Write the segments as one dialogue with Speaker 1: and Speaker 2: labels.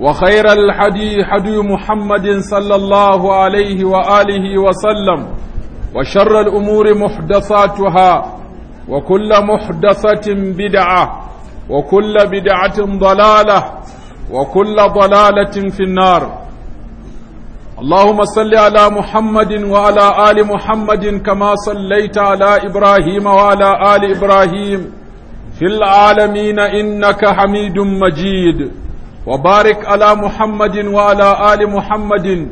Speaker 1: وخير الحدي حدي محمد صلى الله عليه وآله وسلم وشر الأمور محدثاتها وكل محدثة بدعة وكل بدعة ضلالة وكل ضلالة في النار اللهم صل على محمد وعلى آل محمد كما صليت على إبراهيم وعلى آل إبراهيم في العالمين إنك حميد مجيد وبارك على محمد وعلى آل محمد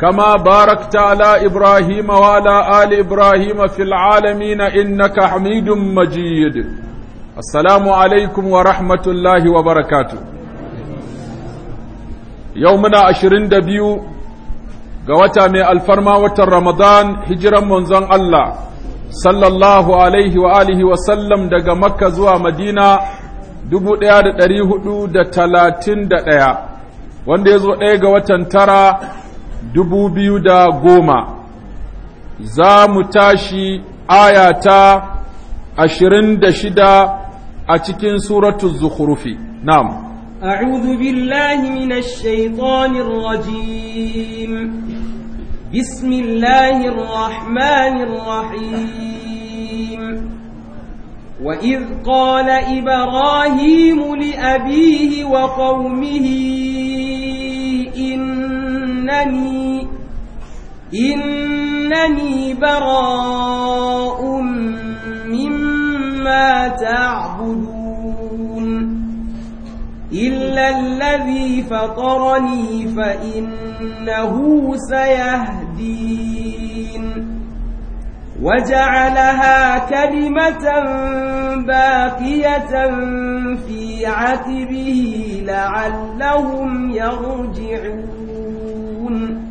Speaker 1: كما باركت على إبراهيم وعلى آل إبراهيم في العالمين إنك حميد مجيد السلام عليكم ورحمة الله وبركاته يومنا عشرين دبيو قوتا من الفرما وتر رمضان هجرا منزان الله صلى الله عليه وآله وسلم دق مكة زوى مدينة dubu ɗaya da ɗari huɗu da talatin da ɗaya wanda ya zo ɗaya ga watan tara dubu biyu da goma za mu tashi aya ta ashirin da shida a cikin suratu zukhrufi na'am
Speaker 2: أعوذ بالله من الشيطان الرجيم بسم الله الرحمن وإذ قال إبراهيم لأبيه وقومه إنني إنني براء مما تعبدون
Speaker 1: إلا
Speaker 2: الذي فطرني فإنه سيهدين وجعلها كلمة باقية في عتبه لعلهم يرجعون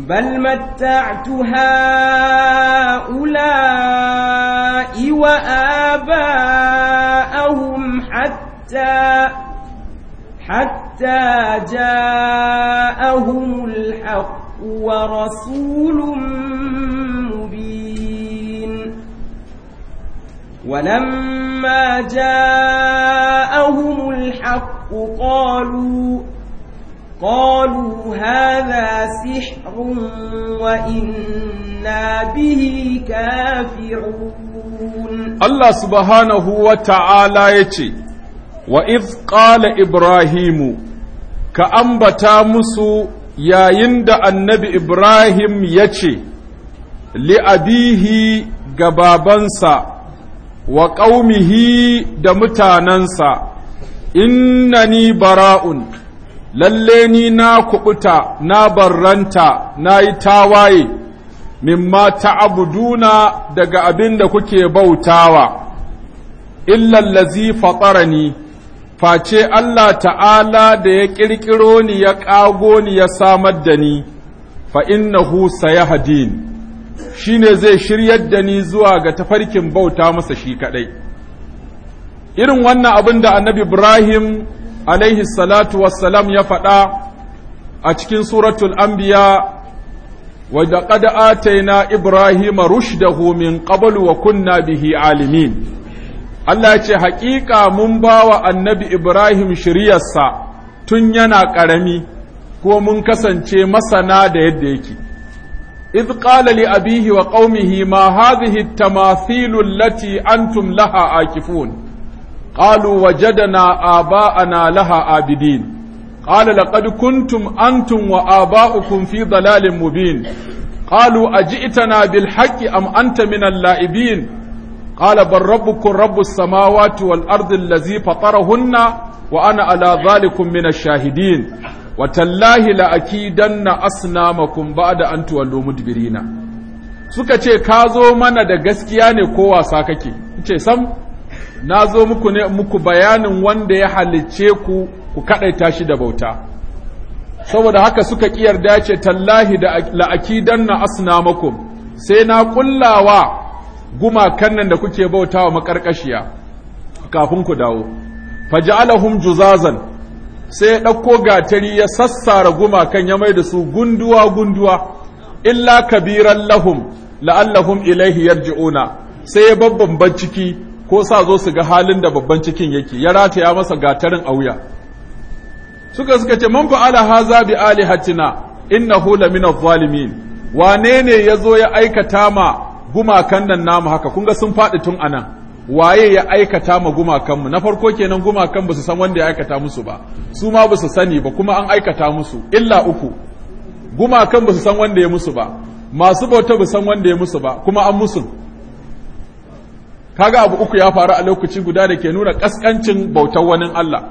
Speaker 2: بل متعت هؤلاء وآباءهم حتى حتى جاءهم الحق ورسول مبين ولما جاءهم الحق قالوا قالوا هذا سحر وإنا به كافرون
Speaker 1: الله سبحانه وتعالى يتي وإذ قال إبراهيم ka ambata musu yayin da annabi Ibrahim ya ce, Li'abihi ga babansa, wa ƙaumihi da mutanensa, ni bara'un, lalle ni na kuɓuta, na barranta, na yi tawaye, mimma abuduna daga abin da kuke bautawa, illallazi fatsara ni. face Allah ta'ala da ya ƙirƙiro ni ya ƙago ni ya samar da ni fa innahu sayahdin shine zai shiryar da ni zuwa ga tafarkin bauta masa shi kaɗai. irin wannan abin da annabi Ibrahim alaihi salatu wassalam ya faɗa a cikin suratul anbiya wa da qad ataina ibrahima rushdahu min qablu wa kunna bihi alimin Allah ce haƙiƙa mun ba wa annabi Ibrahim shiryarsa tun yana ƙarami ko mun kasance masana da yadda yake إذ قال لأبيه وقومه ما هذه التماثيل التي أنتم لها عاكفون قالوا وجدنا آباءنا لها عابدين قال لقد كنتم أنتم وآباؤكم في ضلال مبين قالوا أجئتنا بالحق أم أنت من اللائبين قال بل ربكم رب السماوات والأرض الذي فطرهن وأنا على ذلك من الشاهدين وتالله لأكيدن أصنامكم بعد أن تولوا مدبرين suka ce ka zo mana da gaskiya ne ko wasa kake ce sam na zo muku ne muku bayanin wanda ya halicce ku ku kadaita shi da bauta saboda haka suka ya ce tallahi da la'akidanna asnamakum sai na ƙullawa gumakan nan da kuke bautawa makarkashiya kafin ku dawo faj'alahum juzazan sai ya ɗauko gatari ya sassara gumakan ya maida su gunduwa gunduwa illa kabiran lahum la'allahum ilaihi yarji'una sai ya babban banciki ko sa zo su ga halin da babban cikin yake ya rata ya masa gatarin a wuya suka suka ce man fa'ala haza bi alihatina innahu lamina zalimin wane ne yazo ya aikata ma gumakan nan namu haka kun ga sun faɗi tun anan waye ya aikata ma gumakanmu na farko kenan gumakan ba su san wanda ya aikata musu ba su ma ba su sani ba kuma an aikata musu illa uku gumakan ba su san wanda ya musu ba masu bauta ba san wanda ya musu ba kuma an musu kaga abu uku ya faru a lokaci guda da ke nuna kaskancin bautar wani Allah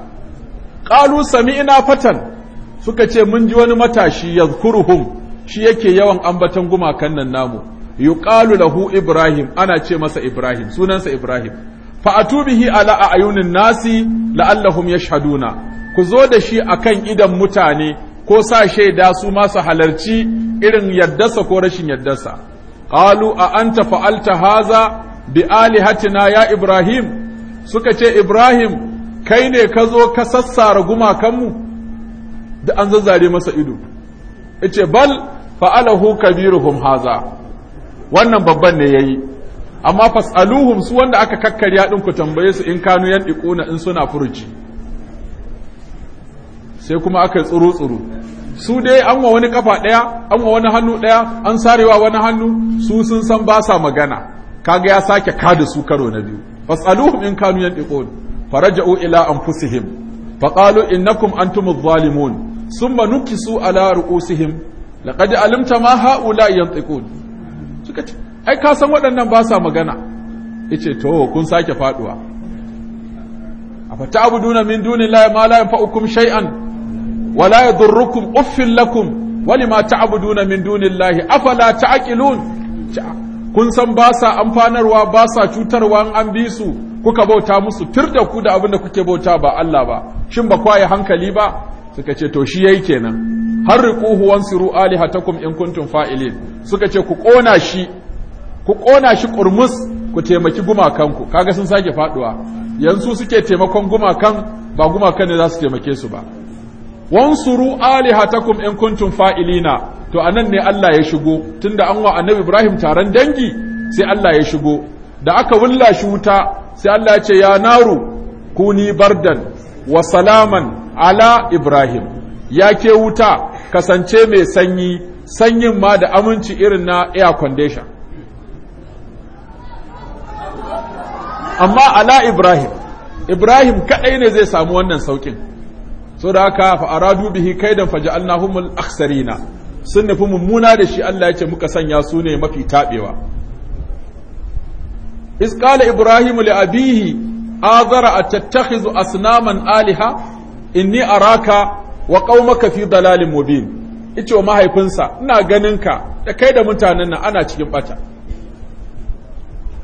Speaker 1: qalu sami'na fatan suka ce mun ji wani matashi yazkuruhum shi yake yawan ambaton gumakan nan namu yuqalu lahu ibrahim ana ce masa ibrahim sunansa ibrahim fa atubihi ala ayunin nasi la'allahum yashhaduna ku zo da shi akan idan mutane ko sa shaida su ma su halarci irin yaddarsa ko rashin yaddarsa qalu a anta fa'alta haza bi alihatina ya ibrahim suka ce ibrahim kai ne ka zo ka sassara gumakanmu da an zazzare masa ido yace bal fa'alahu kabiruhum haza wannan babban ne yayi amma fasaluhum su wanda aka kakkarya din ku tambaye su in kanu yan diquna in suna furuci sai kuma aka tsuru tsuru su dai an wa wani kafa daya an wa wani hannu daya an sarewa wani hannu su sun san ba sa magana kaga ya sake kada su karo na biyu fasaluhum in kanu yan diquna faraja'u ila anfusihim faqalu innakum adh-dhalimun ثم nukisu ala ru'usihim laqad alimta ma ha'ula yantiqun suka ce ai ka san waɗannan ba sa magana yace to kun sake faduwa afata abuduna min dunillahi ma la yanfa'ukum shay'an wa la yadurrukum uffin lakum walima ta'buduna min dunillahi afala ta'qilun kun san ba sa amfanarwa ba sa cutarwa an bi su kuka bauta musu tir da ku da abinda kuke bauta ba Allah ba shin ba kwaye hankali ba suka ce to shi yayi kenan har riquhu wansiru alihatakum in kuntum fa'ilin suka ce ku kona shi ku kona shi kurmus ku taimaki gumakanku kaga sun sake faduwa yanzu suke taimakon gumakan ba gumakan ne za su taimake su ba wansuru alihatakum in kuntum fa'ilina to anan ne Allah ya shigo tunda an wa annabi Ibrahim taron dangi sai Allah ya shigo da aka wulla shi wuta sai Allah ya ce ya naru kuni bardan wa salaman ala Ibrahim, ya ke wuta kasance mai sanyi, sanyin ma da aminci irin na air condition. Amma ala Ibrahim, Ibrahim kaɗai ne zai samu wannan saukin so da haka fa'aradu bihi kaidan faja'alnahumul aksarina sun nufi mummuna da shi Allah ya muka sanya su ne mafi taɓewa. iskala Ibrahim li abihi azara a tattakhizu asnaman aliha inni araka wa qaumaka fi dalalin mubin ice wa mahaifinsa ina ganinka da kai da mutanen nan ana cikin bata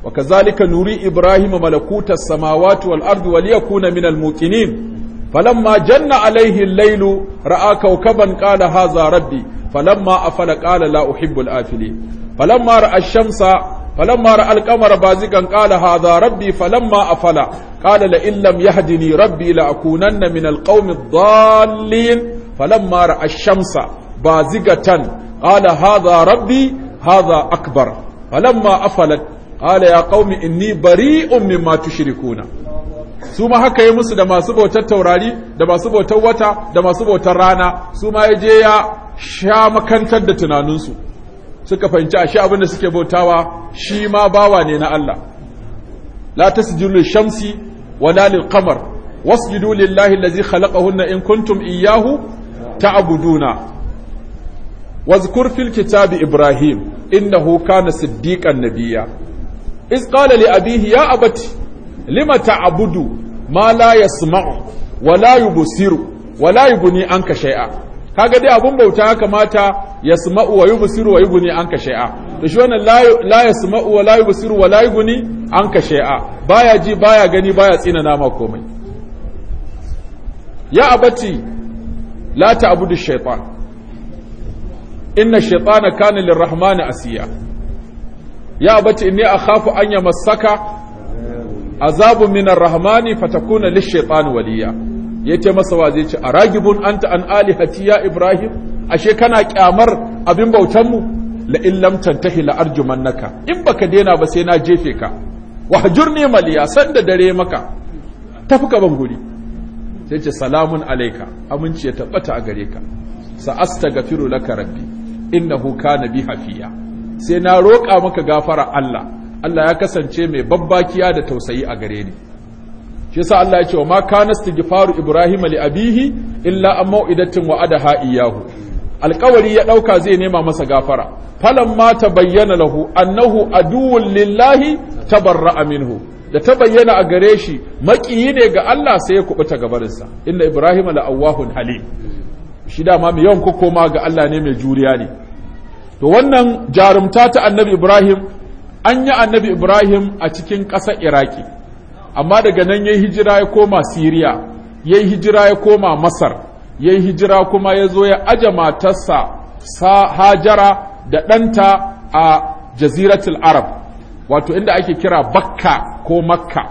Speaker 1: wa nuri ibrahima malakutas samawati wal ardi wa liyakuna minal muqinin فلما جن عليه الليل راى كوكبا قال هذا ربي فلما افل قال لا احب الافلين ra'a راى shamsa. فلما رأى القمر بازقا قال هذا ربي فلما أفل قال لئن لم يهدني ربي لأكونن من القوم الضالين فلما رأى الشمس بازقة قال هذا ربي هذا أكبر فلما أفلت قال يا قوم إني بريء مما تشركون su ma haka yi musu da masu bautar taurari da masu bautar wata da masu bautar rana su ma ya je ya sha makantar da tunaninsu suka fahimci a shi abin da suke bautawa shi ma bawa ne na Allah la tasjudu shamsi wala lil qamar wasjudu lillahi lazi khalaqahunna in kuntum iyyahu ta'buduna wazkur fil kitabi ibrahim innahu kana siddiqan nabiyya iz qala li abihi ya abati lima ta'budu ma la yasma'u wala yubsiru wala yughni anka shay'a kaga dai abun bauta ya kamata yasma'u wa yubsiru wa an anka shay'a to shi wannan la yasma'u wa la yubsiru wa la an anka shay'a baya ji baya gani baya tsina nama komai ya abati la ta'budu shaytan inna shaytana kana lirrahman asiya ya abati inni akhafu an yamassaka azabun minar rahmani fatakuna lishaytan waliya ya ce masa wa zai ce a ragibun an an alihaci ya ibrahim ashe kana kyamar abin bautanmu la in lam tantahi la naka in baka daina ba sai na jefe ka ne maliya san da dare maka tafi ka ban guri sai ce salamun alaika aminci ya tabbata a gare ka sa'astaghfiru laka rabbi huka na bi hafiya sai na roƙa maka gafara Allah Allah ya kasance mai babbakiya da tausayi a gare ni shi yasa Allah ya ce wa ma kana istighfaru ibrahima li abihi illa an mau'idatin wa'adaha iyahu. alƙawari ya ɗauka zai nema masa gafara falan ma ta bayyana lahu annahu aduwwun lillahi tabarra'a minhu da ta bayyana a gare shi maƙiyi ne ga Allah sai ya kubuta gabarinsa inna ibrahim awwahun halim shi dama mai yawan kokoma ga Allah ne mai juriya ne to wannan jarumta ta annabi ibrahim an yi annabi ibrahim a cikin ƙasar iraki amma daga nan ya yi hijira ya koma Siriya yayi hijira ya koma Masar yayi hijira kuma ya zo ya aje matarsa Hajara da ɗanta a Jaziratul Arab wato inda ake kira Bakka ko Makka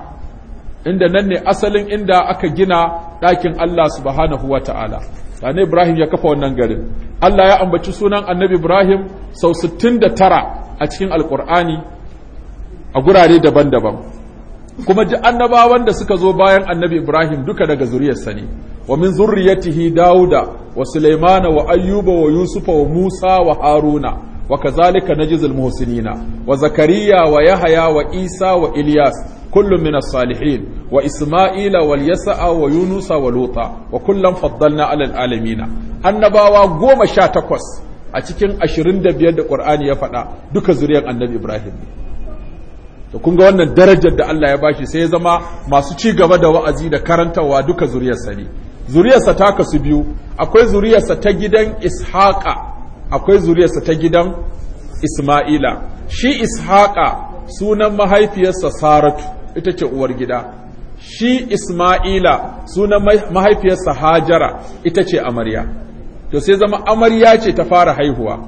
Speaker 1: inda nan ne asalin inda aka gina ɗakin Allah subhanahu wa ta'ala Sani Ibrahim ya kafa wannan garin Allah ya ambaci sunan annabi Ibrahim sau 69 a cikin alkur'ani a gurare daban-daban kuma duk annabawan da suka zo bayan annabi Ibrahim duka daga zuriyarsa ne wa min zurriyatihi Dawuda wa Sulaimana wa Ayyuba wa Yusufa wa Musa wa Haruna wa kazalika najzil muhsinina wa Zakariya wa Yahaya wa Isa wa Ilyas kullum min as-salihin wa Isma'ila wal Yasa'a wa Yunusa wa Luta wa kullam faddalna 'alal alamina annabawa 18 a cikin 25 da Qur'ani ya faɗa duka zuriyar annabi Ibrahim ne da kun ga wannan darajar da Allah ya bashi sai ya zama masu ci gaba da wa'azi da karantarwa duka zuriyarsa ne zuriyarsa ta kasu biyu akwai zuriyarsa ta gidan ishaqa akwai zuriyarsa ta gidan isma'ila shi ishaqa sunan mahaifiyarsa saratu ita ce uwar gida shi isma'ila sunan mahaifiyarsa hajara ita ce amarya to sai zama amarya ce ta fara haihuwa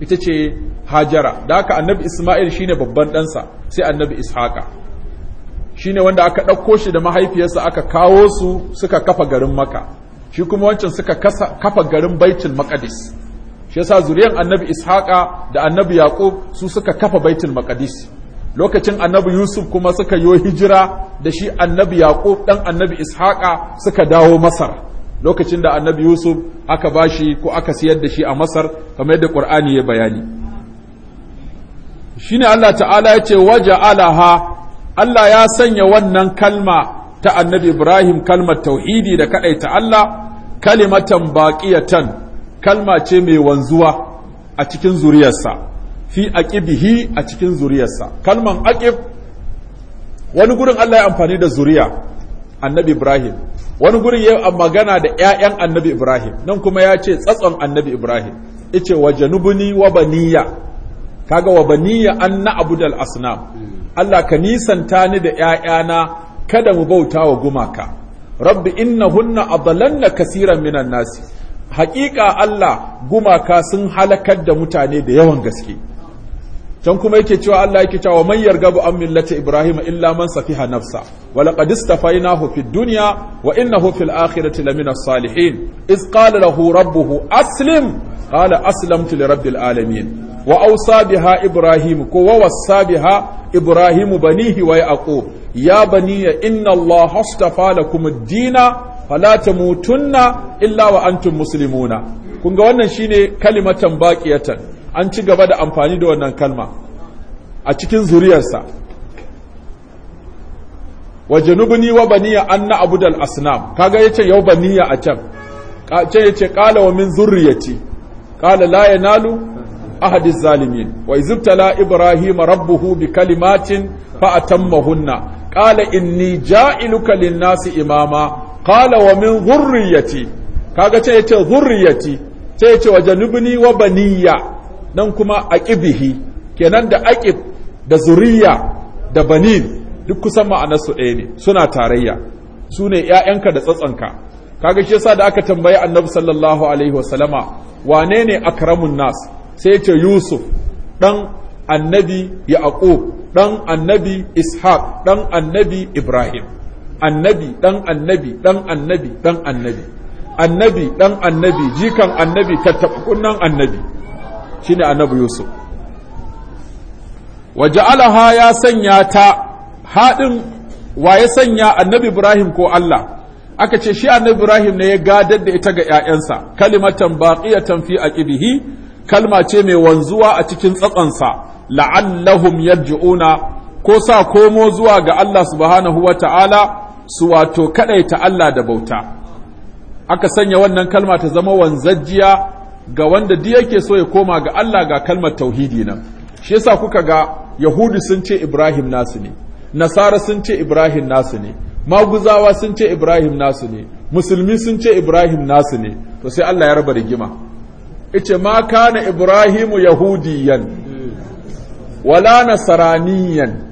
Speaker 1: ita ce hajara da haka annabi isma'il shine babban ɗansa sai annabi ishaka shine wanda aka ɗauko shi da mahaifiyarsa aka kawo su suka kafa garin maka shi kuma wancan suka kafa garin baitul makadis shi yasa zuriyar annabi Ishaƙa da annabi yaqub su suka kafa baitul makadis lokacin annabi yusuf kuma suka yi hijira da shi annabi yaqub dan annabi Ishaƙa suka dawo masar lokacin da annabi yusuf aka bashi ko aka siyar da shi a masar kamar yadda qur'ani ya bayani shine Allah ta'ala ya ce waje alaha. Allah ya sanya wannan kalma ta annabi Ibrahim kalmar tauhidi da ta Allah kalimatan baqiyatan kalma ce mai wanzuwa a cikin zuriyarsa fi aqibihi a cikin zuriyarsa kalman aqib wani gurin Allah ya amfani da zuriya annabi Ibrahim wani gurin ya magana da ƴaƴan annabi Ibrahim nan kuma ya ce tsatson annabi Ibrahim ice wa janubuni wa baniya kaga wa baniya an na abudal asnam Allah ka nisanta ni da ‘ya'yana kada mu bauta wa gumaka rabbi inna hunna adalanna kasiran minan nasi haƙiƙa Allah gumaka sun halakar da mutane da yawan gaske can kuma yake cewa Allah yake cewa man yargabu an millati ibrahim illa man safiha nafsa wa laqad istafainahu fid dunya wa innahu fil akhirati lamina salihin iz qala lahu rabbuhu aslim qala aslamtu li rabbil alamin wa ausa biha ibrahim ko wa wassa biha ibrahim banihi wa yaqub ya baniya inna allah astafa lakum ad-dina fala tamutunna illa wa antum muslimuna kun ga wannan shine kalimatan baqiyatan an ci gaba da amfani da wannan kalma a cikin zuriyarsa wa janubni wa baniya anna abudal asnam kaga yace yau baniya a can ce yace qala wa min zurriyati qala la yanalu ahadiz zalimin wa izibtala ibrahim rabbuhu bi kalimatin fa atammahunna qala inni ja'iluka lin-nasi imama qala wa min dhurriyyati kaga ce yace dhurriyyati ce yace wa janubni wa baniyya dan kuma aqibihi kenan da aqib da zuriya da banin duk kusan ma'anarsu ɗaya ne suna tarayya su ne ‘ya'yanka da tsatsanka kaga shi yasa da aka tambayi annabi sallallahu alaihi wasallama wane ne akramun nas sai ce yusuf ɗan annabi yaqub ɗan annabi ishaq ɗan annabi ibrahim annabi ɗan annabi ɗan annabi ɗan annabi annabi ɗan annabi jikan annabi tattaɓa annabi shine annabi yusuf waja'alaha ya sanya ta haɗin wa ya sanya annabi Ibrahim ko Allah aka ce shi annabi Ibrahim ne ya gadar da ita ga ‘ya'yansa kalimatan baqiyatan fi aqibihi kalma ce mai wanzuwa a cikin tsatsansa la'allahum yarji'una ko sa komo zuwa ga Allah subhanahu huwa ta'ala su wato kaɗai ta Allah da bauta aka sanya wannan kalma ta zama wanzajjiya ga wanda duk yake so ya koma ga Allah ga kalmar tauhidi nan shi yasa kuka ga yahudi sun ce ibrahim nasu ne nasara sun ce ibrahim nasu ne maguzawa sun ce ibrahim nasu ne musulmi sun ce ibrahim nasu ne to sai Allah ya raba rigima ita ma kana ibrahimu yahudiyan wala nasaraniyan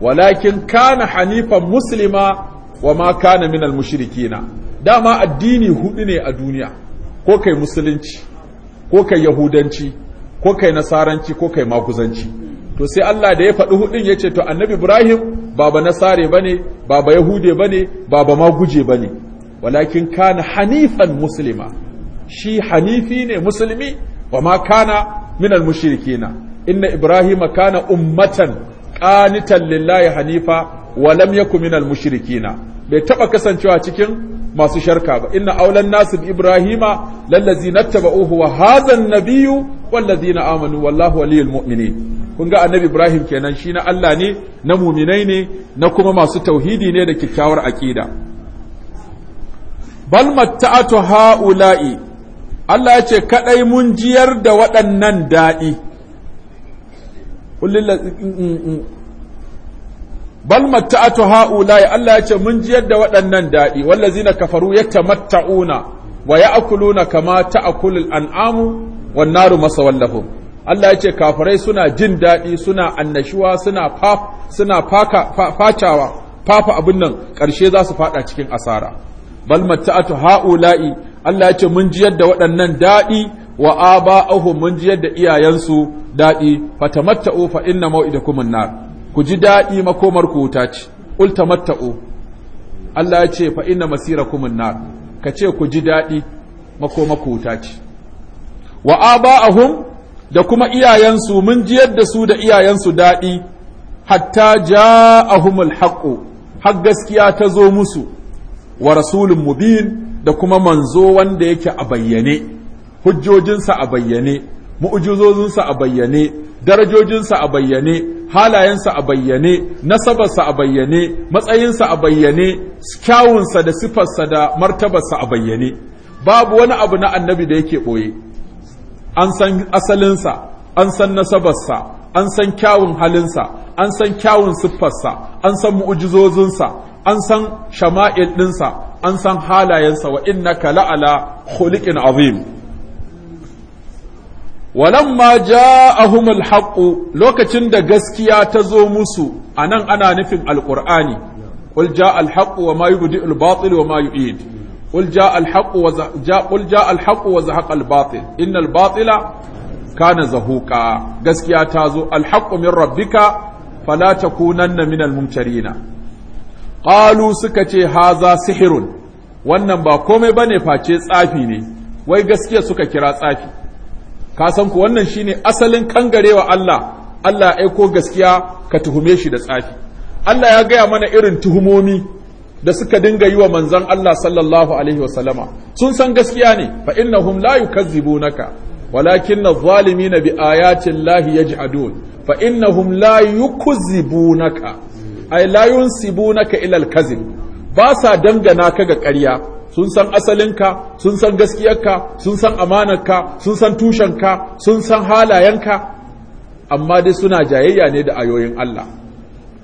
Speaker 1: walakin kana hanifan muslima wa ma kana minal mushrikina dama addini hudu ne a duniya ko kai musulunci ko kai yahudanci ko kai nasaranci ko kai maguzanci. to sai Allah da ya faɗi hudun ya ce to annabi Ibrahim baba nasare bane baba yahude bane baba maguje bane walakin kana hanifan muslima shi hanifi ne musulmi wa ma kana min al-mushrikina inna ibrahima kana ummatan qanitan lillahi hanifa wa lam yakun min mushrikina bai taba kasancewa cikin masu sharka ba inna aulan nasu bi ibrahima lallazina tabauhu wa hadha an-nabiyyu wallazina amanu wallahu waliyul mu'minin kun ga annabi ibrahim kenan shi na Allah ne na muminai ne na kuma masu tauhidi ne da kyakkyawar aqida bal matta'atu ha'ula'i Allah ya ce kaɗai mun jiyar da waɗannan daɗi mm, mm, mm. bal matta'atu ha'ulai Allah ya ce mun jiyar da waɗannan daɗi wallazina kafaru yatamatta'una wa ya'kuluna kama ta'kulul an'amu wan naru masawallahu. Allah ya ce kafirai suna jin daɗi suna annashuwa suna faf suna faka facawa fafa abin nan ƙarshe za su faɗa cikin asara bal matta'atu ha'ula'i Allah ya ce mun ji yadda waɗannan daɗi wa aba'ahum mun ji yadda iyayensu daɗi fatamatta'u fa inna maw'idakum annar ku ji daɗi makomar ku wuta ce ultamatta'u Allah ya ce fa inna masirakum annar ka ce ku ji daɗi makomar ku wuta ce wa aba'ahum da kuma iyayensu mun ji yadda su da iyayensu daɗi hatta ja'ahumul haqqu har gaskiya ta zo musu wa rasulun mubin da kuma manzo wanda yake a bayyane hujjojinsa a bayyane mu'ujizozinsa a bayyane darajojinsa a bayyane halayensa a bayyane nasabarsa a bayyane matsayinsa a bayyane kyawunsa da sifarsa da martabarsa a bayyane babu wani abu na annabi da yake ɓoye an san asalinsa an san nasabarsa an san kyawun halinsa an san kyawun siffarsa an san mu'ujizozinsa an san shama'il ɗinsa an san halayensa wa innaka la'ala khuliqin azim walamma ja'ahumul haqqu lokacin da gaskiya ta zo musu anan ana nufin alqur'ani qul ja'al haqqu wa ma yubdi'ul batil wa ma yu'id qul ja'al haqqu wa ja'a qul ja'al haqqu wa kana zahuqa gaskiya ta zo al min rabbika fala takunanna ƙalu suka ce haza sihirun wannan ba komai ba ne face tsafi ne wai gaskiya suka kira tsafi kasan ku wannan shine asalin kangarewa Allah Allah ya aiko gaskiya ka tuhume shi da tsafi Allah ya gaya mana irin tuhumomi da suka dinga yi wa manzon Allah sallallahu alaihi wasallama sun san gaskiya ne fa innahum la yukazzibunaka walakin adh-dhalimina bi ayati llahi yaj'adun fa innahum la yukazzibunaka ay la yunsibunaka ila al-kazib ba sa dangana ka ga ƙarya sun san asalinka sun san gaskiyarka sun san amanarka sun san tushenka sun san halayenka amma dai suna jayayya ne da ayoyin Allah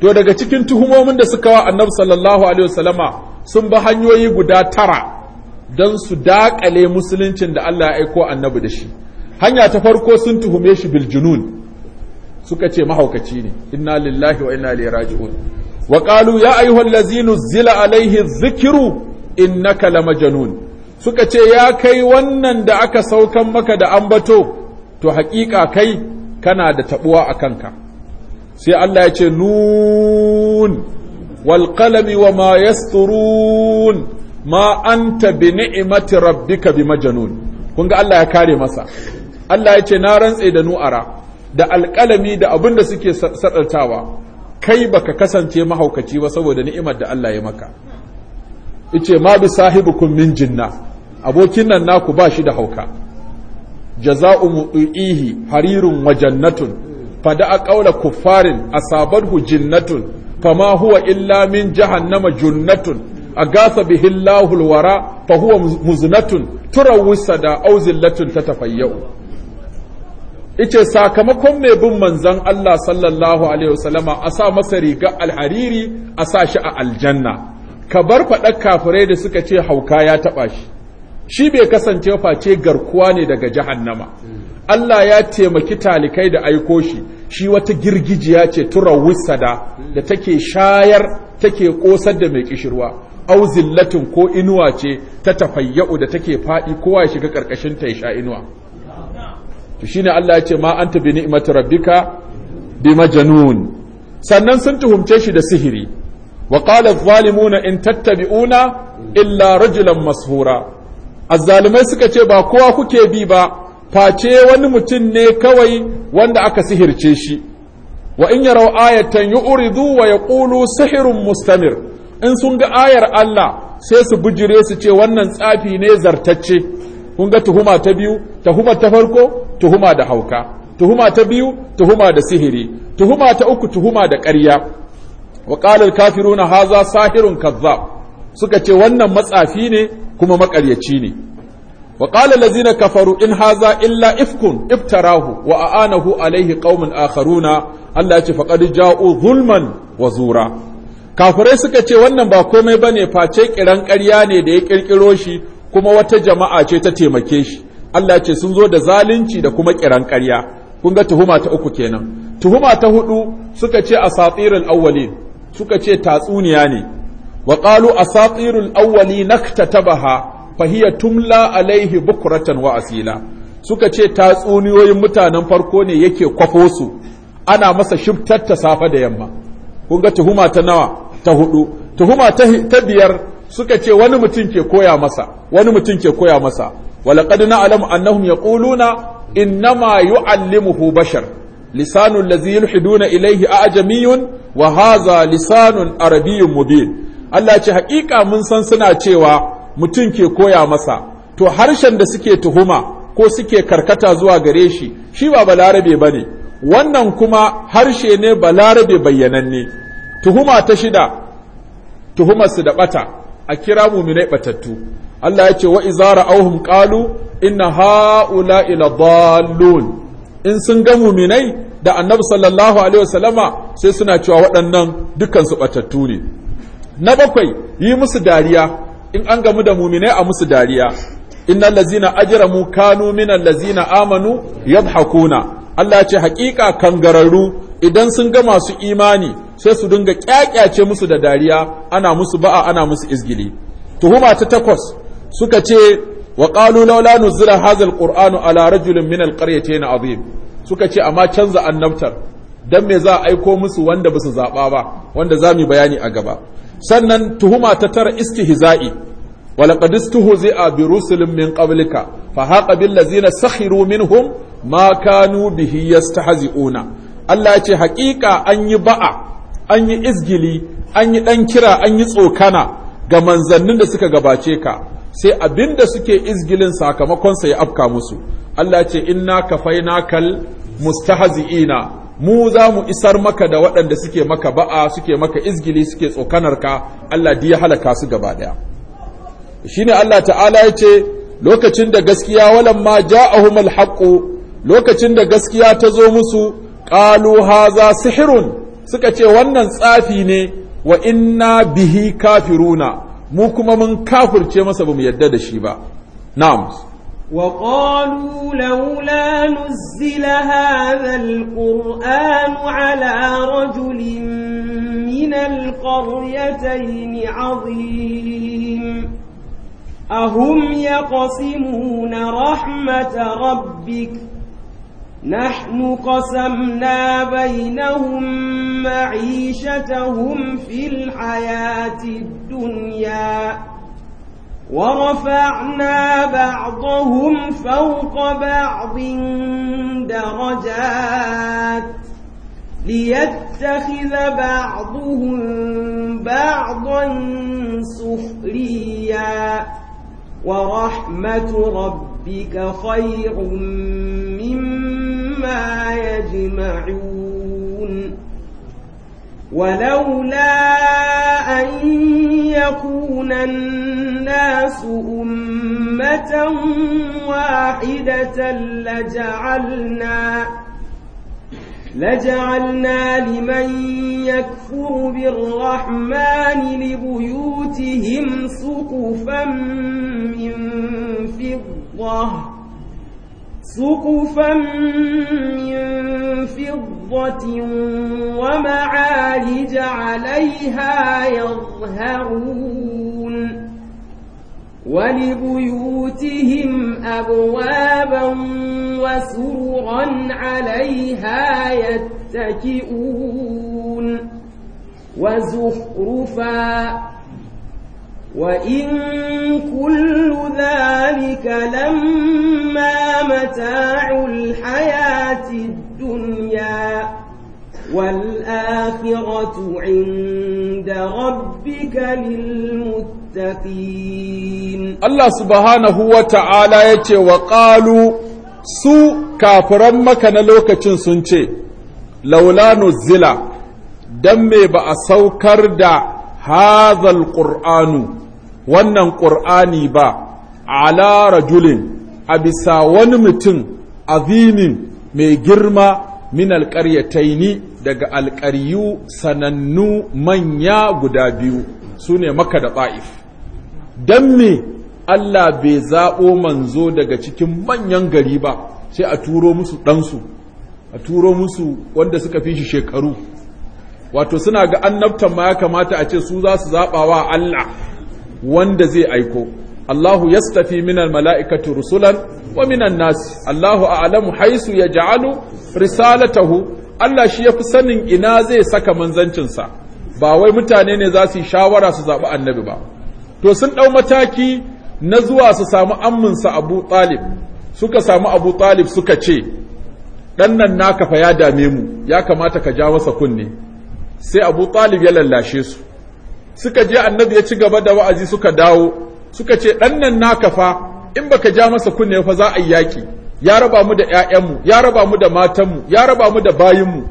Speaker 1: to daga cikin tuhumomin da suka wa annabi sallallahu alaihi wasallama sun ba hanyoyi guda tara don su daƙale musuluncin da Allah ya aiko annabi da shi hanya ta farko sun tuhume shi biljunun suka ce mahaukaci ne inna lillahi wa inna ilaihi raji'un wa qalu ya ayyuhal ladzina zila alaihi dhikru innaka lamajnun suka ce ya kai wannan da aka saukan maka da ambato to haƙiƙa kai kana da tabuwa a kanka sai Allah ya ce nun wal qalami wa ma yasturun ma anta bi ni'mati rabbika bi majnun kun ga Allah ya kare masa Allah ya ce na rantse da nu'ara da alƙalami da abin da suke saɗaltawa kai baka kasance mahaukaci ba saboda ni'imar da Allah ya maka ice ma bi sahibukum min jinna abokin nan naku ba shi da hauka jaza'u mu'ihi harirun wa jannatun da aqawla kuffarin asabathu jinnatun fama huwa illa min jahannama jannatun agasa به الله الورى فهو da تروي السدى أو زلة ice sakamakon mai bin manzan Allah sallallahu alaihi wasallama a sa masa riga alhariri a sa shi a aljanna ka bar faɗar kafirai da suka ce hauka ya taɓa shi shi bai kasance face garkuwa ne daga jahannama Allah ya taimaki talikai da aiko shi shi wata girgijiya ce tura da take shayar take kosar da mai kishirwa au zillatin ko inuwa ce ta tafayya'u da take faɗi kowa ya shiga ƙarƙashin ta ya sha inuwa to shine Allah ya ce ma anta bi ni'mati rabbika bi majnun sannan sun tuhumce shi da sihiri wa qala adh-dhalimuna in tattabi'una illa rajulan mashura azzalimai suka ce ba kowa kuke bi ba face wani mutum ne kawai wanda aka sihirce shi wa in yaraw ayatan yu'ridu wa yaqulu sihrun mustamir in sun ga ayar Allah sai su bujire su ce wannan tsafi ne zartacce kun ga tuhuma ta biyu tuhuma ta farko tuhuma da hauka tuhuma ta biyu tuhuma da sihiri tuhuma ta uku tuhuma da ƙarya wa qala na kafiruna haza sahirun kazzab suka ce wannan matsafi ne kuma maƙaryaci ne wa qala kafaru in haza illa ifkun iftarahu wa aanahu alaihi qaumun akharuna Allah ya ce faqad ja'u zulman wa zura kafirai suka ce wannan ba komai bane face kiran ƙarya ne da ya kirkiro shi kuma wata jama'a ce ta taimake shi Allah ce sun zo da zalunci da kuma kiran ƙarya kun ga tuhuma ta uku kenan tuhuma ta hudu suka ce asatirul awwali suka ce tatsuniya ne wa qalu asatirul awwali naktatabaha fahiya tumla alaihi bukratan wa asila suka ce tatsuniyoyin mutanen farko ne yake kwafo su ana masa shiftar ta safa da yamma kun ga tuhuma ta nawa ta hudu tuhuma ta biyar suka ce wani mutum ke koya masa wani mutum ke koya masa na alamu annahu ولقد نعلم أنهم يقولون إنما يعلمه بشر لسان الذي يلحدون إليه أعجمي وهذا لسان عربي مبين Allah ce haƙiƙa mun san suna cewa mutum ke koya masa to harshen da suke tuhuma ko suke karkata zuwa gare shi shi ba balarabe ba ne wannan kuma harshe ne balarabe bayyananne tuhuma ta shida tuhumarsu da ɓata a kira muminai batattu Allah ya ce wa izara auhum qalu inna haula ila dallun in sun ga muminai da annabi sallallahu alaihi wasallama sai suna cewa waɗannan dukkan su batattu ne na bakwai yi musu dariya in an gamu da muminai a musu dariya innal ladzina ajramu kanu minal ladzina amanu yadhakuna Allah ya ce haƙiƙa kangararru idan sun ga masu imani sai su dinga kyakyace musu da dariya ana musu ba'a ana musu izgili tuhuma ta takwas suka ce wa qalu laula nuzila hadha alqur'anu ala rajulin min alqaryatayn azim suka ce amma canza annabtar dan me za a aiko musu wanda basu zaba ba wanda za mu bayani a gaba sannan tuhuma ta tara istihza'i rusulin min qablika fa haqa bil ladzina sakhiru minhum ma kanu bihi yastahzi'una Allah ce haƙiƙa an yi ba'a an yi izgili an yi ɗan kira an yi tsokana ga manzannin da suka gabace ka sai abin da suke izgilin sakamakonsa ya afka musu Allah ce inna kafaina kal mustahzi'ina mu za mu isar maka da waɗanda suke maka ba'a suke maka izgili suke tsokanar ka Allah ya halaka su gaba ɗaya shine Allah ta'ala ya ce lokacin da gaskiya walamma ja'ahum haqqu lokacin da gaskiya ta zo musu qalu haza sihirun suka ce wannan tsafi ne wa inna bihi kafiruna mu kuma mun kafirce masa bamu yadda da shi ba na'am
Speaker 2: وقالوا لولا نزل هذا القرآن على رجل من القريتين عظيم أهم يقسمون رحمة ربك ؟
Speaker 1: نحن
Speaker 2: قسمنا بينهم معيشتهم في الحياة الدنيا ورفعنا بعضهم فوق بعض درجات ليتخذ بعضهم بعضا سخريا ورحمة ربك خير يجمعون
Speaker 1: ولولا
Speaker 2: أن يكون الناس أمة واحدة لجعلنا لجعلنا لمن يكفر بالرحمن لبيوتهم سقفا من فضة سقفا من فضة ومعارج عليها يظهرون ولبيوتهم أبوابا وسررا عليها يتكئون وزخرفا وَإِن كُلُّ ذَلِكَ duniya, مَتَاعُ الْحَيَاةِ الدُّنْيَا وَالْآخِرَةُ عِندَ رَبِّكَ
Speaker 1: لِلْمُتَّقِينَ الله سبحانه وتعالى yace wa qalu su kafuran maka na lokacin sun ce laulanu zila dan me ba a saukar da hadhal qur'anu wannan ƙur'ani ba ala rajulin a bisa wani mutum azimin mai girma min alƙaryataini daga alƙaryu sanannu manya guda biyu su ne maka da ta'if don me Allah bai zaɓo manzo daga cikin manyan gari ba sai a turo musu ɗansu a turo musu wanda suka fi shi shekaru wato suna ga annabtan ma ya kamata a ce su za su zaɓa wa Allah wanda zai aiko Allahu yastafi minal mala'ikatu rusulan wa minan nas Allahu a'lamu haisu ya yaj'alu risalatahu Allah shi ya fi sanin ina zai saka manzancinsa ba wai mutane ne za su shawara su zaɓi annabi ba to sun ɗau mataki na zuwa su samu amminsa abu talib suka samu abu talib suka ce ɗan nan naka fa ya dame mu ya kamata ka ja masa kunne sai abu talib ya lallashe su suka je annabi ya ci gaba da wa'azi suka dawo suka ce ɗannan nan naka fa in baka ja masa kunne fa za a yi yaƙi ya raba mu da ‘ya'yanmu ya raba mu da matanmu ya raba mu da bayinmu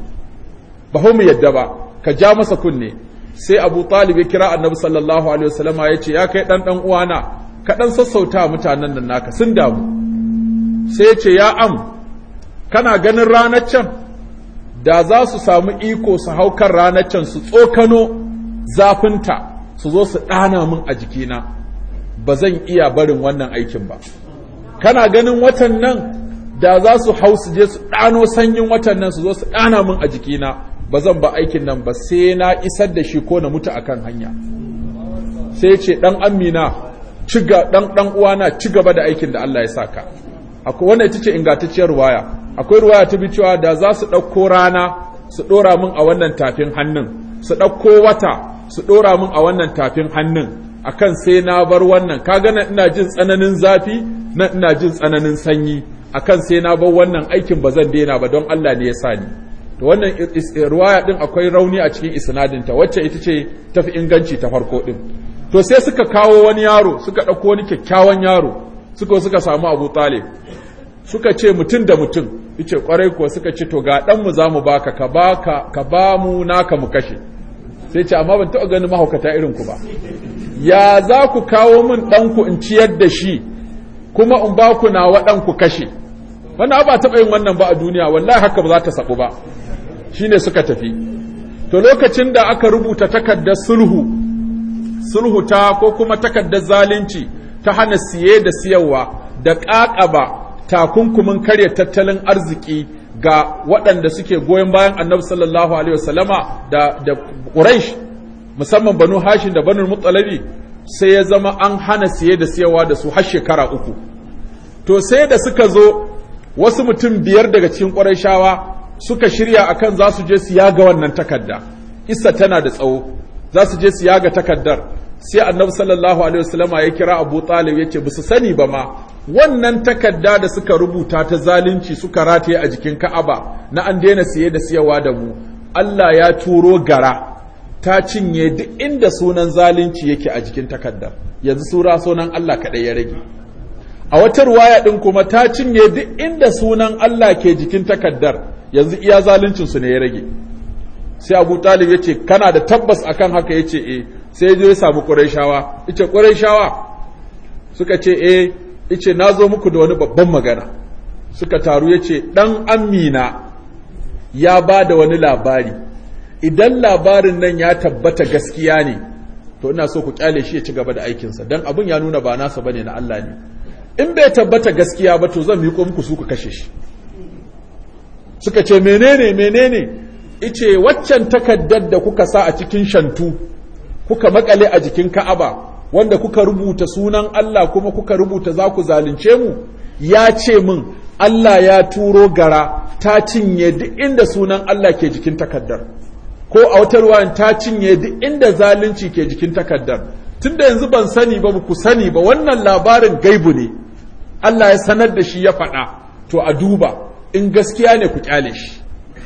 Speaker 1: ba mu yadda ba ka ja masa kunne sai abu talib ya kira annabi sallallahu alaihi wasallama ya ce ya kai ɗan ɗan uwana ka dan sassauta mutanen nan naka sun damu sai ya ce ya am kana ganin ranar can da za su samu iko su hau kan ranar can su tsokano zafinta su zo su ɗana min a jikina ba zan iya barin wannan aikin ba kana ganin watan nan da za su hau su je su ɗano sanyin watan nan su zo su ɗana min a jikina ba zan ba aikin nan ba sai na isar da shi ko na mutu akan hanya sai ce ɗan amina ɗan ɗan uwana ci gaba da aikin da Allah ya sa akwai wannan ita ce ingantacciyar ruwaya akwai ruwaya ta bi cewa da za su ɗauko rana su ɗora min a wannan tafin hannun su ɗauko wata su ɗora min a wannan tafin hannun akan sai na bar wannan Ka gana ina jin tsananin zafi na ina jin tsananin sanyi akan sai na bar wannan aikin ba zan daina ba don Allah ne ya sa ni to wannan ruwaya din akwai rauni a cikin isnadin ta wacce ita ce tafi inganci ta farko din to sai suka kawo wani yaro suka ɗauko wani kyakkyawan yaro suka suka samu Abu Talib suka ce mutum da mutum yace kwarai ko suka ce to ga dan mu zamu baka ka baka ka ba mu naka mu kashe sai ce amma ban taɓa ganin mahaukata irin ku ba ya za ku kawo min ɗanku in ciyar da shi kuma in ba ku nawa ɗanku kashe wannan ba taɓa yin wannan ba a duniya wallahi haka ba za ta saɓu ba Shi ne suka tafi to lokacin da aka rubuta takardar sulhu sulhu ta ko kuma takardar zalunci ta hana siye da siyarwa da ƙaƙaba takunkumin karya tattalin arziki ga waɗanda suke goyon bayan annabi sallallahu alaihi wasallama da da quraish musamman banu hashin da banu mutalabi sai ya zama an hana siye da siyawa da su har shekara uku to sai da suka zo wasu mutum biyar daga cikin quraishawa suka shirya akan za su je su yaga wannan takarda isa tana da tsawo za su je su yaga takardar sai annabi sallallahu alaihi wasallama ya kira abu talib ya ce sani ba ma wannan takarda da suka rubuta ta zalunci suka rataye a jikin Ka'aba na an daina siye da siyawa da mu Allah ya turo gara ta cinye duk inda sunan zalunci yake a jikin takaddar yanzu sura sunan Allah kadai ya rage a wata ruwaya ɗin kuma ta cinye duk inda sunan Allah ke jikin takardar yanzu iya zaluncinsu ne ya rage sai abu talib ya kana da tabbas akan haka ya ce eh sai ya samu ƙuraishawa ya ce suka ce eh ice na zo muku da wani babban magana suka taru ya ce ɗan amina ya ba da wani labari idan labarin nan ya tabbata gaskiya ne to ina so ku kyale shi ya ci gaba da aikinsa don abin ya nuna ba nasa bane na Allah ne in bai tabbata gaskiya ba to zan miƙo muku su ku kashe shi suka ce menene menene ice waccan takaddar da kuka sa a cikin shantu kuka makale a jikin ka'aba wanda kuka rubuta sunan Allah kuma kuka rubuta za ku zalunce mu ya ce min Allah ya turo gara ta cinye duk inda sunan Allah ke jikin takaddar ko a wata ruwan ta cinye duk inda zalunci ke jikin takaddar tunda yanzu ban sani ba ku sani ba wannan labarin gaibu ne Allah ya sanar da shi ya faɗa to a duba in gaskiya ne ku kyale shi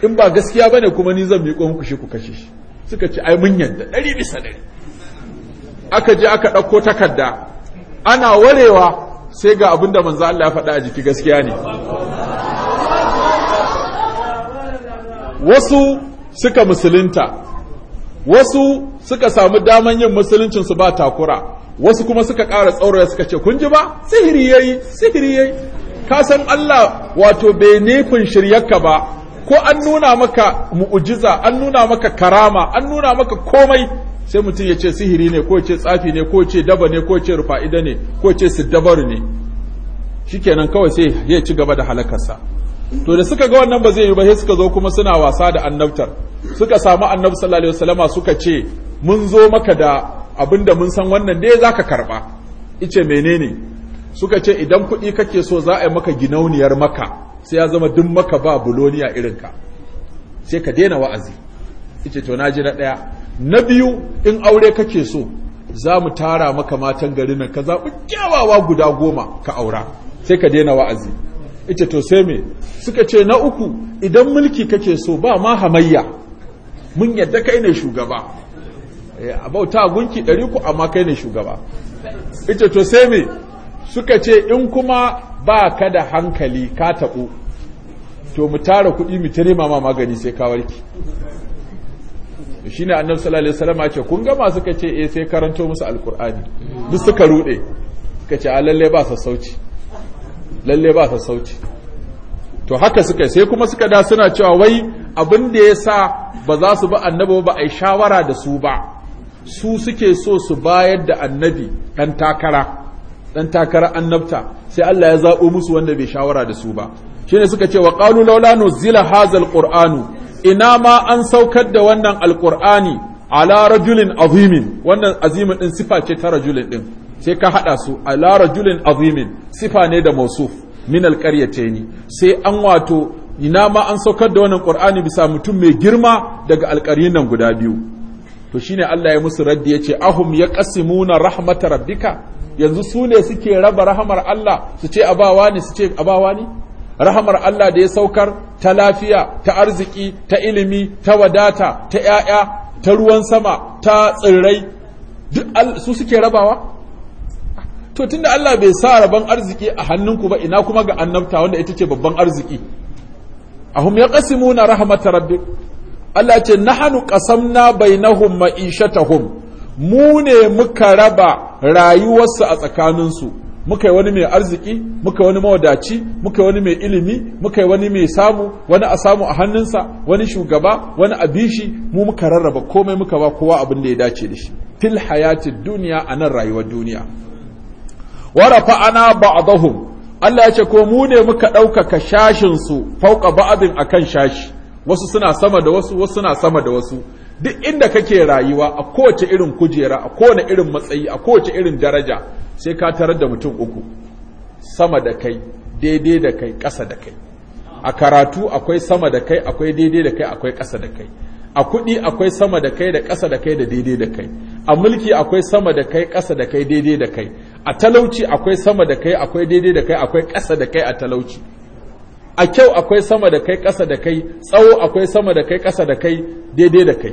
Speaker 1: in ba gaskiya bane kuma ni zan miƙo muku shi ku kashe shi suka ce ai mun yadda ɗari bisa ɗari aka je aka ɗauko takarda ana warewa sai ga abinda da manzo Allah ya faɗa a jiki gaskiya ne wasu suka musulunta wasu suka samu daman yin musuluncin su ba takura wasu kuma suka ƙara tsauraya suka ce kun ji ba sihiri yayi sihiri yayi ka san Allah wato bai nufin shiryarka ba ko an nuna maka mu'ujiza an nuna maka karama an nuna maka komai sai mutum ya ce sihiri ne ko ce tsafi ne ko ce daba ne ko ce rufa'ida ne ko ce siddabaru ne shi kenan kawai sai ya ci gaba da halakarsa to da suka ga wannan ba zai yi ba sai suka zo kuma suna wasa da annabtar suka samu annabi sallallahu alaihi wasallama suka ce mun zo maka da abinda mun san wannan za zaka karba ice menene suka ce idan kuɗi kake so za a yi maka ginauniyar maka sai ya zama duk maka ba buloniya irinka sai ka daina wa'azi ice to na ji na ɗaya na biyu in aure kake so za mu tara maka matan gari nan ka zaɓi kyawawa guda goma ka aura sai ka daina wa'azi ita to sai me suka ce na uku idan mulki kake so ba ma hamayya mun yadda kai ne shugaba eh, a bauta gunki ɗari ku amma kai ne shugaba ita to sai me suka ce in kuma ba ka da hankali ka taɓo to mu tara kuɗi mu tare ma magani sai ka warki shin annabi sallallahu alaihi wasallam ya ce kun ga masu kace eh sai karanto musu alqur'ani duk suka rude kace a lalle ba sassauci lalle ba sassauci to haka suka sai kuma suka da suna cewa wai abin da yasa ba za su bi annabi ba ai shawara da su ba su suke so su bayar da annabi dan takara dan takara annabta sai Allah ya zabo musu wanda bai shawara da su ba shine suka ce wa qalu laula nuzila hadzal qur'anu ina ma an saukar da wannan alkur'ani ala rajulin azimin wannan azimin din sifa ce ta rajulin din sai ka hada su ala rajulin azimin sifa ne da mausuf min ni? sai an wato ina ma an saukar da wannan qur'ani bisa mutum mai girma daga alqaryin nan guda biyu to shine Allah ya musu raddi yace ahum yaqsimuna rahmat rabbika yanzu su ne suke raba rahamar Allah su ce abawa ne su ce abawa ne rahamar Allah da ya saukar ta lafiya ta arziki ta ilimi ta wadata ta ‘ya'ya ta ruwan sama ta tsirrai su suke rabawa to tunda Allah bai sa rabon arziki a hannunku ba ina kuma ga annabta wanda ita ce babban arziki ahum ya qasimuna rahmat Rabbi. Allah ce nahanu qasamna bainahum ma'ishatahum mu ne muka raba rayuwarsu a tsakaninsu muka yi wani mai arziki muka wani mawadaci muka wani mai ilimi muka wani mai samu wani a samu a hannunsa wani shugaba wani abishi mu muka rarraba komai muka ba kowa abin da ya dace da shi fil hayatid duniya a nan rayuwar duniya ana ana ba'dahum Allah ya ce ko mu ne muka ɗaukaka shashin su fauka ba'din akan shashi wasu suna sama da wasu wasu suna sama da wasu duk inda kake rayuwa a kowace irin kujera a kowane irin matsayi a kowace irin daraja sai ka tarar da mutum uku sama da kai daidai da kai ƙasa da kai a karatu akwai sama da kai akwai daidai da kai akwai ƙasa da kai a kuɗi akwai sama da kai da ƙasa da kai da daidai da kai a mulki akwai sama da kai ƙasa da kai daidai da kai a talauci akwai sama da kai akwai daidai da kai akwai ƙasa da kai a talauci a kyau akwai sama da kai ƙasa da kai tsawo akwai sama da kai ƙasa da kai daidai da kai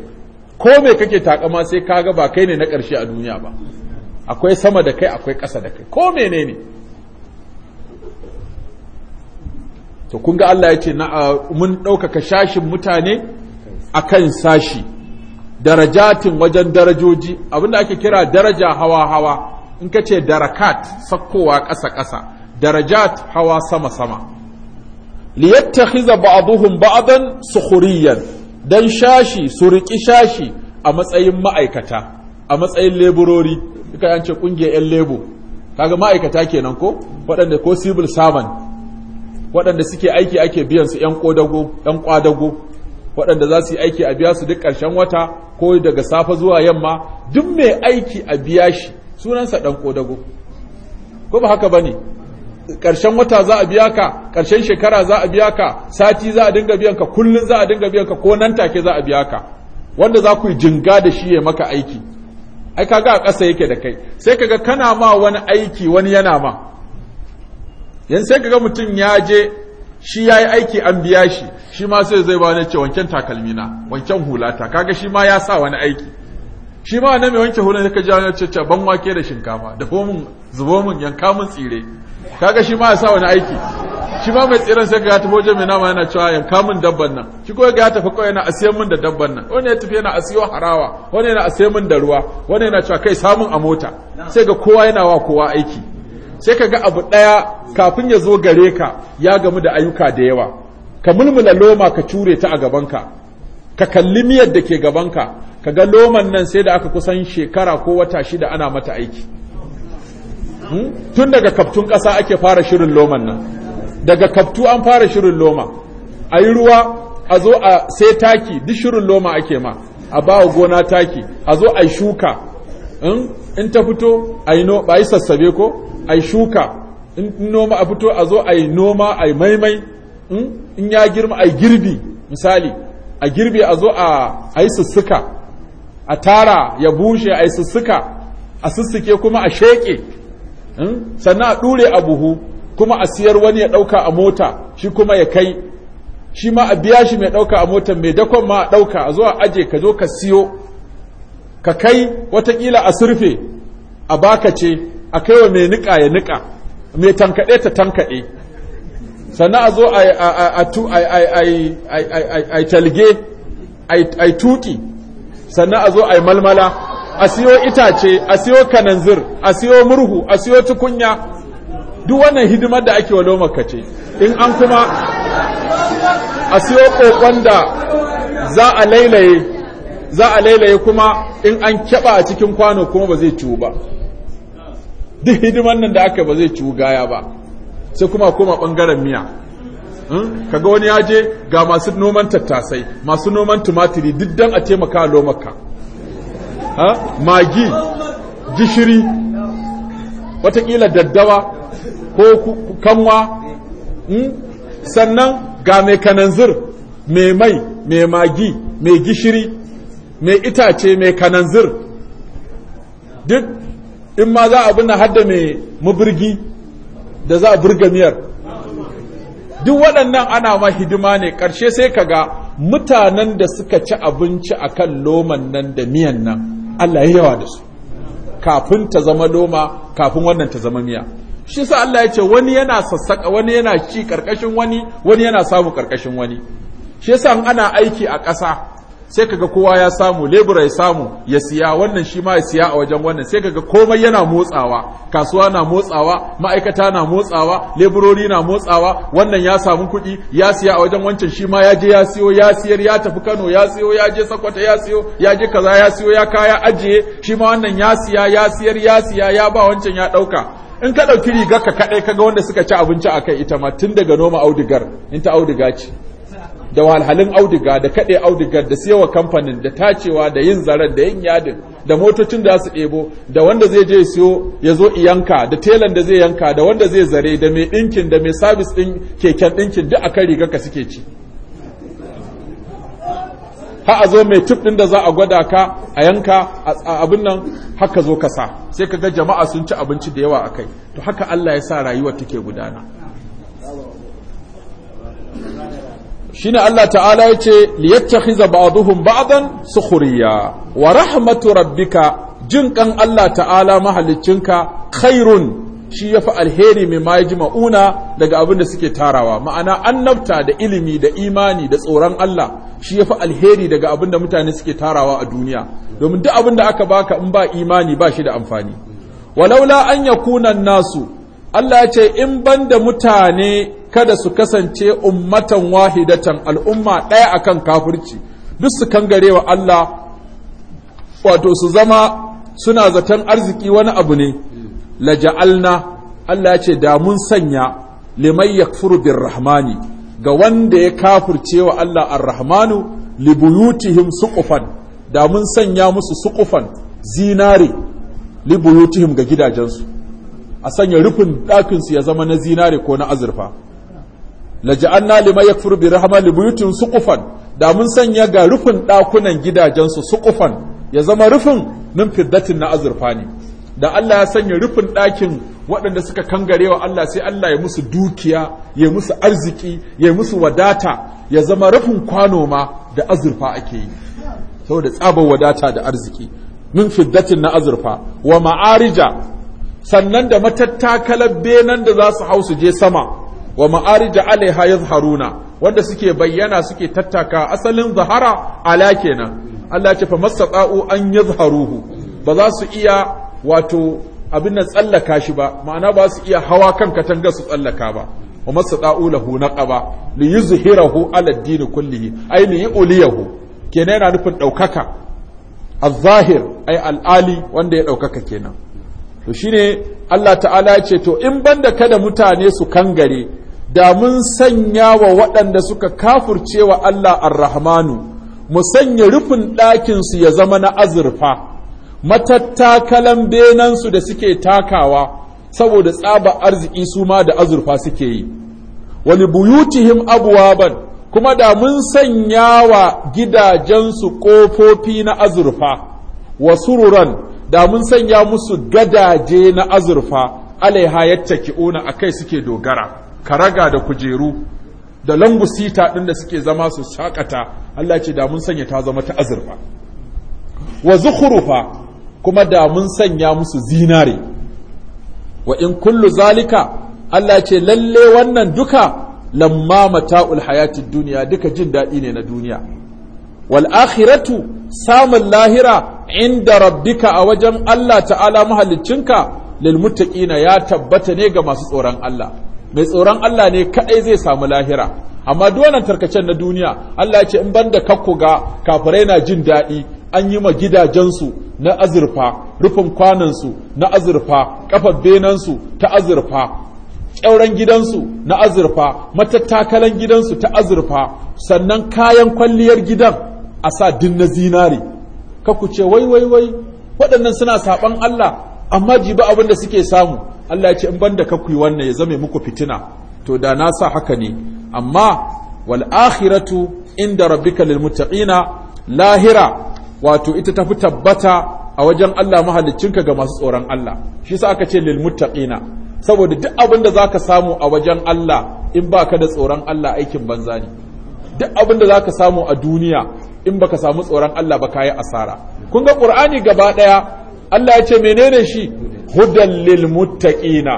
Speaker 1: ko me kake takama sai kaga ba kai ne na ƙarshe a duniya ba akwai sama da kai akwai ƙasa da kai ko menene ne to kun ga Allah ya ce mun ɗaukaka shashin mutane akan sashi darajatin wajen darajoji abinda ake kira daraja hawa-hawa in ka ce darakat sakkowa ƙasa-ƙasa darajat hawa sama-sama liyatta hiza ba'aduhun ba'adan sukhuriyan Dan shashi su riƙi shashi a matsayin ma'aikata a matsayin leburori duka yan ce ƙungiyar 'yan labo kaga ma'aikata kenan ko waɗanda ko civil servant waɗanda suke aiki ake biyan su 'yan ƙwadago waɗanda za su yi aiki a biya su duk ƙarshen wata ko daga safa zuwa yamma duk mai aiki a biya shi sunansa ɗan ƙodago ko ba haka ba ne Karshen wata za a biya ka karshen shekara za a biya ka sati za a dinga biyan ka kullum za a dinga biyan ka ko nan take za a biya ka wanda za ku yi jinga da shi ya maka aiki ai kaga a ƙasa yake da kai sai kaga kana ma wani aiki wani yana ma yan sai kaga mutum ya je shi yayi aiki an biya shi shi ma sai zai ba ne ce wancan takalmi na wancan hulata kaga shi ma ya sa wani aiki shi ma na mai wanke hulun ya kaji ya ban wake da shinkafa da fomin zubo yanka min tsire kaga shi ma ya sa wani aiki shi ma mai tsiren sai ga tafi wajen mai nama yana cewa yanka min dabban nan shi ko ga tafi kawai yana asiyan mun da dabban nan wani ya tafi yana asiyo harawa wani yana asiyan mun da ruwa wani yana cewa kai samun a mota sai ga kowa yana wa kowa aiki sai ka ga abu ɗaya kafin ya zo gare ka ya gamu da ayyuka da yawa ka mulmula loma ka cure ta a gaban ka. ka kalli miyar da ke gabanka ka ga loman nan sai da aka kusan shekara ko wata shida ana mata aiki hmm? tun daga kaftun ƙasa ake fara shirin loman nan daga kaftu an fara shirin loma a yi ruwa a zo a sai taki duk shirin loma ake ma a ba gona taki a zo a shuka hmm? in ta fito a yi ba yi sassabe ko a yi shuka in noma a fito a zo a yi noma a yi maimai hmm? in ya girma a yi girbi misali a girbe a zo a yi sussuka a tara ya bushe a yi sussuka a sussuke kuma a sheƙe hmm? sannan a ɗure a buhu kuma a siyar wani ya ɗauka a mota shi kuma ya kai shi ma a biya shi mai ɗauka a mota, mai dakon ma a ɗauka a zo a aje ka zo ka siyo ka kai watakila a surfe a baka ce a kai wa mai niƙa ya nika mai tankaɗe ta tankaɗe sannan a zo a talge a tuti sannan a zo a malmala a siyo itace a siyo kananzir a siyo murhu a siyo tukunya duk wannan hidimar da ake wa makace in an kuma a siyo kokon da za a lailaye za a lailaye kuma in an kyaba a cikin kwano kuma ba zai ciwu ba duk hidimar nan da aka ba zai ciwu gaya ba sai kuma koma ɓangaren miya hmm? ga wani ya je ga masu noman tattasai masu noman tumatiri duk dan a taimaka lomaka magi gishiri watakila daddawa ko kanwa hmm? sannan ga mai kananzir mai mai mai magi mai gishiri mai itace mai kananzir duk in ma za a bina hadda mai mabirgi da za a burga miyar duk waɗannan ana ma hidima ne ƙarshe sai ka ga mutanen da suka ci abinci a kan loman nan da miyan nan Allah ya yawa da su kafin ta zama loma kafin wannan ta zama miya shi sa Allah ya ce wani yana sassaƙa wani yana ci ƙarƙashin wani wani yana samu ƙarƙashin wani shi sa ana aiki a ƙasa sai kaga kowa ya samu lebura ya samu ya siya wannan shi ma ya siya a wajen wannan sai kaga komai yana motsawa kasuwa na motsawa ma'aikata na motsawa leburori na motsawa wannan ya samu kuɗi ya siya a wajen wancan shi ma ya je ya siyo ya siyar ya tafi Kano ya siyo ya je Sokoto ya siyo ya je kaza ya siyo ya kaya ajiye shi ma wannan ya siya ya siyar ya siya ya ba wancan ya ɗauka in ka ɗauki rigar ka kaɗai kaga wanda suka ci abinci a kai ita ma tun daga noma audigar in ta audiga ce da wahalhalin auduga da kaɗe audugar da siyawa kamfanin da tacewa da yin zaren da yin yadin da motocin da su ɗebo da wanda zai je siyo ya zo yanka da telan da zai yanka da wanda zai zare da mai ɗinkin da mai sabis ɗin keken ɗinkin duk kan riga ka suke ci ha a zo mai tuf ɗin da za a gwada ka a yanka a abin nan haka zo ka sa sai ka ga jama'a sun ci abinci da yawa a kai to haka Allah ya sa rayuwar take gudana shine Allah ta'ala yace liyattakhiza ba'dhum ba'dan sukhriya wa rahmatu rabbika jin kan Allah ta'ala mahaliccinka khairun shi yafi alheri mai ma'una daga abin da suke tarawa ma'ana annabta da ilimi da imani da tsoron Allah shi yafi alheri daga abin da mutane suke tarawa a duniya domin duk abin da aka baka in ba imani ba shi da amfani walaula an yakuna nasu Allah ya ce in banda mutane kada su kasance ummatan wahidatan al'umma ɗaya a kan kafirci duk su kangare wa Allah wato su zama suna zaton arziki wani abu ne la laja'alna Allah ya ce da mun sanya liman yakfuru rahmani, ga wanda ya kafirce wa Allah li buyutihim suqufan da mun sanya musu suqufan zinare li buyutihim ga gidajensu a sanya rufin ɗakinsu ya zama na zinare ko na azurfa laja'anna lima yakfuru bi rahma li buyutin suqufan da mun sanya ga rufin dakunan gidajensu suqufan ya zama rufin min fiddatin na azurfa ne da Allah ya sanya rufin ɗakin waɗanda suka kangarewa Allah sai Allah ya musu dukiya ya musu arziki ya musu wadata ya zama rufin kwano ma da azurfa ake yi saboda tsabar wadata da arziki min fiddatin na azurfa wa ma'arija sannan da matattakalar benan da za su hau su je sama wa ma'arija alaiha yazharuna wanda suke bayyana suke tattaka asalin zahara ala kenan Allah ce fa masaqa'u an yazharuhu ba za su iya wato abin nan tsallaka shi ba ma'ana ba su iya hawa kan katanga su tsallaka ba wa masaqa'u lahu naqaba li yuzhirahu ala ad-din kullihi ay li yuliyahu kenan yana nufin daukaka az-zahir ay al-ali wanda ya daukaka kenan to shine Allah ta'ala ce to in banda kada mutane su kangare da mun sanya wa waɗanda suka kafurce wa Allah ar-Rahmanu mu sanya rufin ɗakin su ya zama na azurfa matattakalan su da suke takawa saboda tsaba arziki su ma da azurfa suke yi wani buyutihim abuwaban kuma da mun sanya wa gidajensu ƙofofi na azurfa wa sururan da mun sanya musu gadaje na azurfa alaiha a kai suke dogara karaga da kujeru da langusita ɗin da suke zama su shakata Allah ce da mun sanya ta zama ta azurfa wa zukhrufa kuma da mun sanya musu zinare wa in kullu zalika Allah ce lalle wannan duka lamma mata'ul hayatid dunya duka jin daɗi ne na duniya wal akhiratu samun lahira inda rabbika a wajen Allah ta'ala mahaliccinka lilmuttaqina ya tabbata ne ga masu tsoron Allah mai tsoron Allah ne kadai zai samu lahira amma duwannan tarkacen na duniya Allah ya ce in banda kakku ga kafirai na jin daɗi an yi ma gidajensu na azurfa rufin kwanansu na azurfa kafar benansu ta azurfa ƙyauren gidansu na azurfa matattakalan gidansu ta azurfa sannan kayan kwalliyar gidan a sa din na zinari. ka ku ce wai wai wai waɗannan suna saɓan Allah amma jibi abin da suke samu Allah ya ce in banda ka ku yi wannan ya zame muku fitina to da na sa haka ne amma wal akhiratu inda rabbika lil muttaqina lahira wato ita tafi tabbata a wajen Allah ka ga masu tsoron Allah shi sa aka ce lil muttaqina saboda duk abin da zaka samu a wajen Allah in baka da tsoron Allah aikin banza ne duk abin da zaka samu a duniya in baka samu tsoron Allah ba kayi asara kun ga qur'ani gaba ɗaya. Allah ya ce menene shi hudan lil muttaqina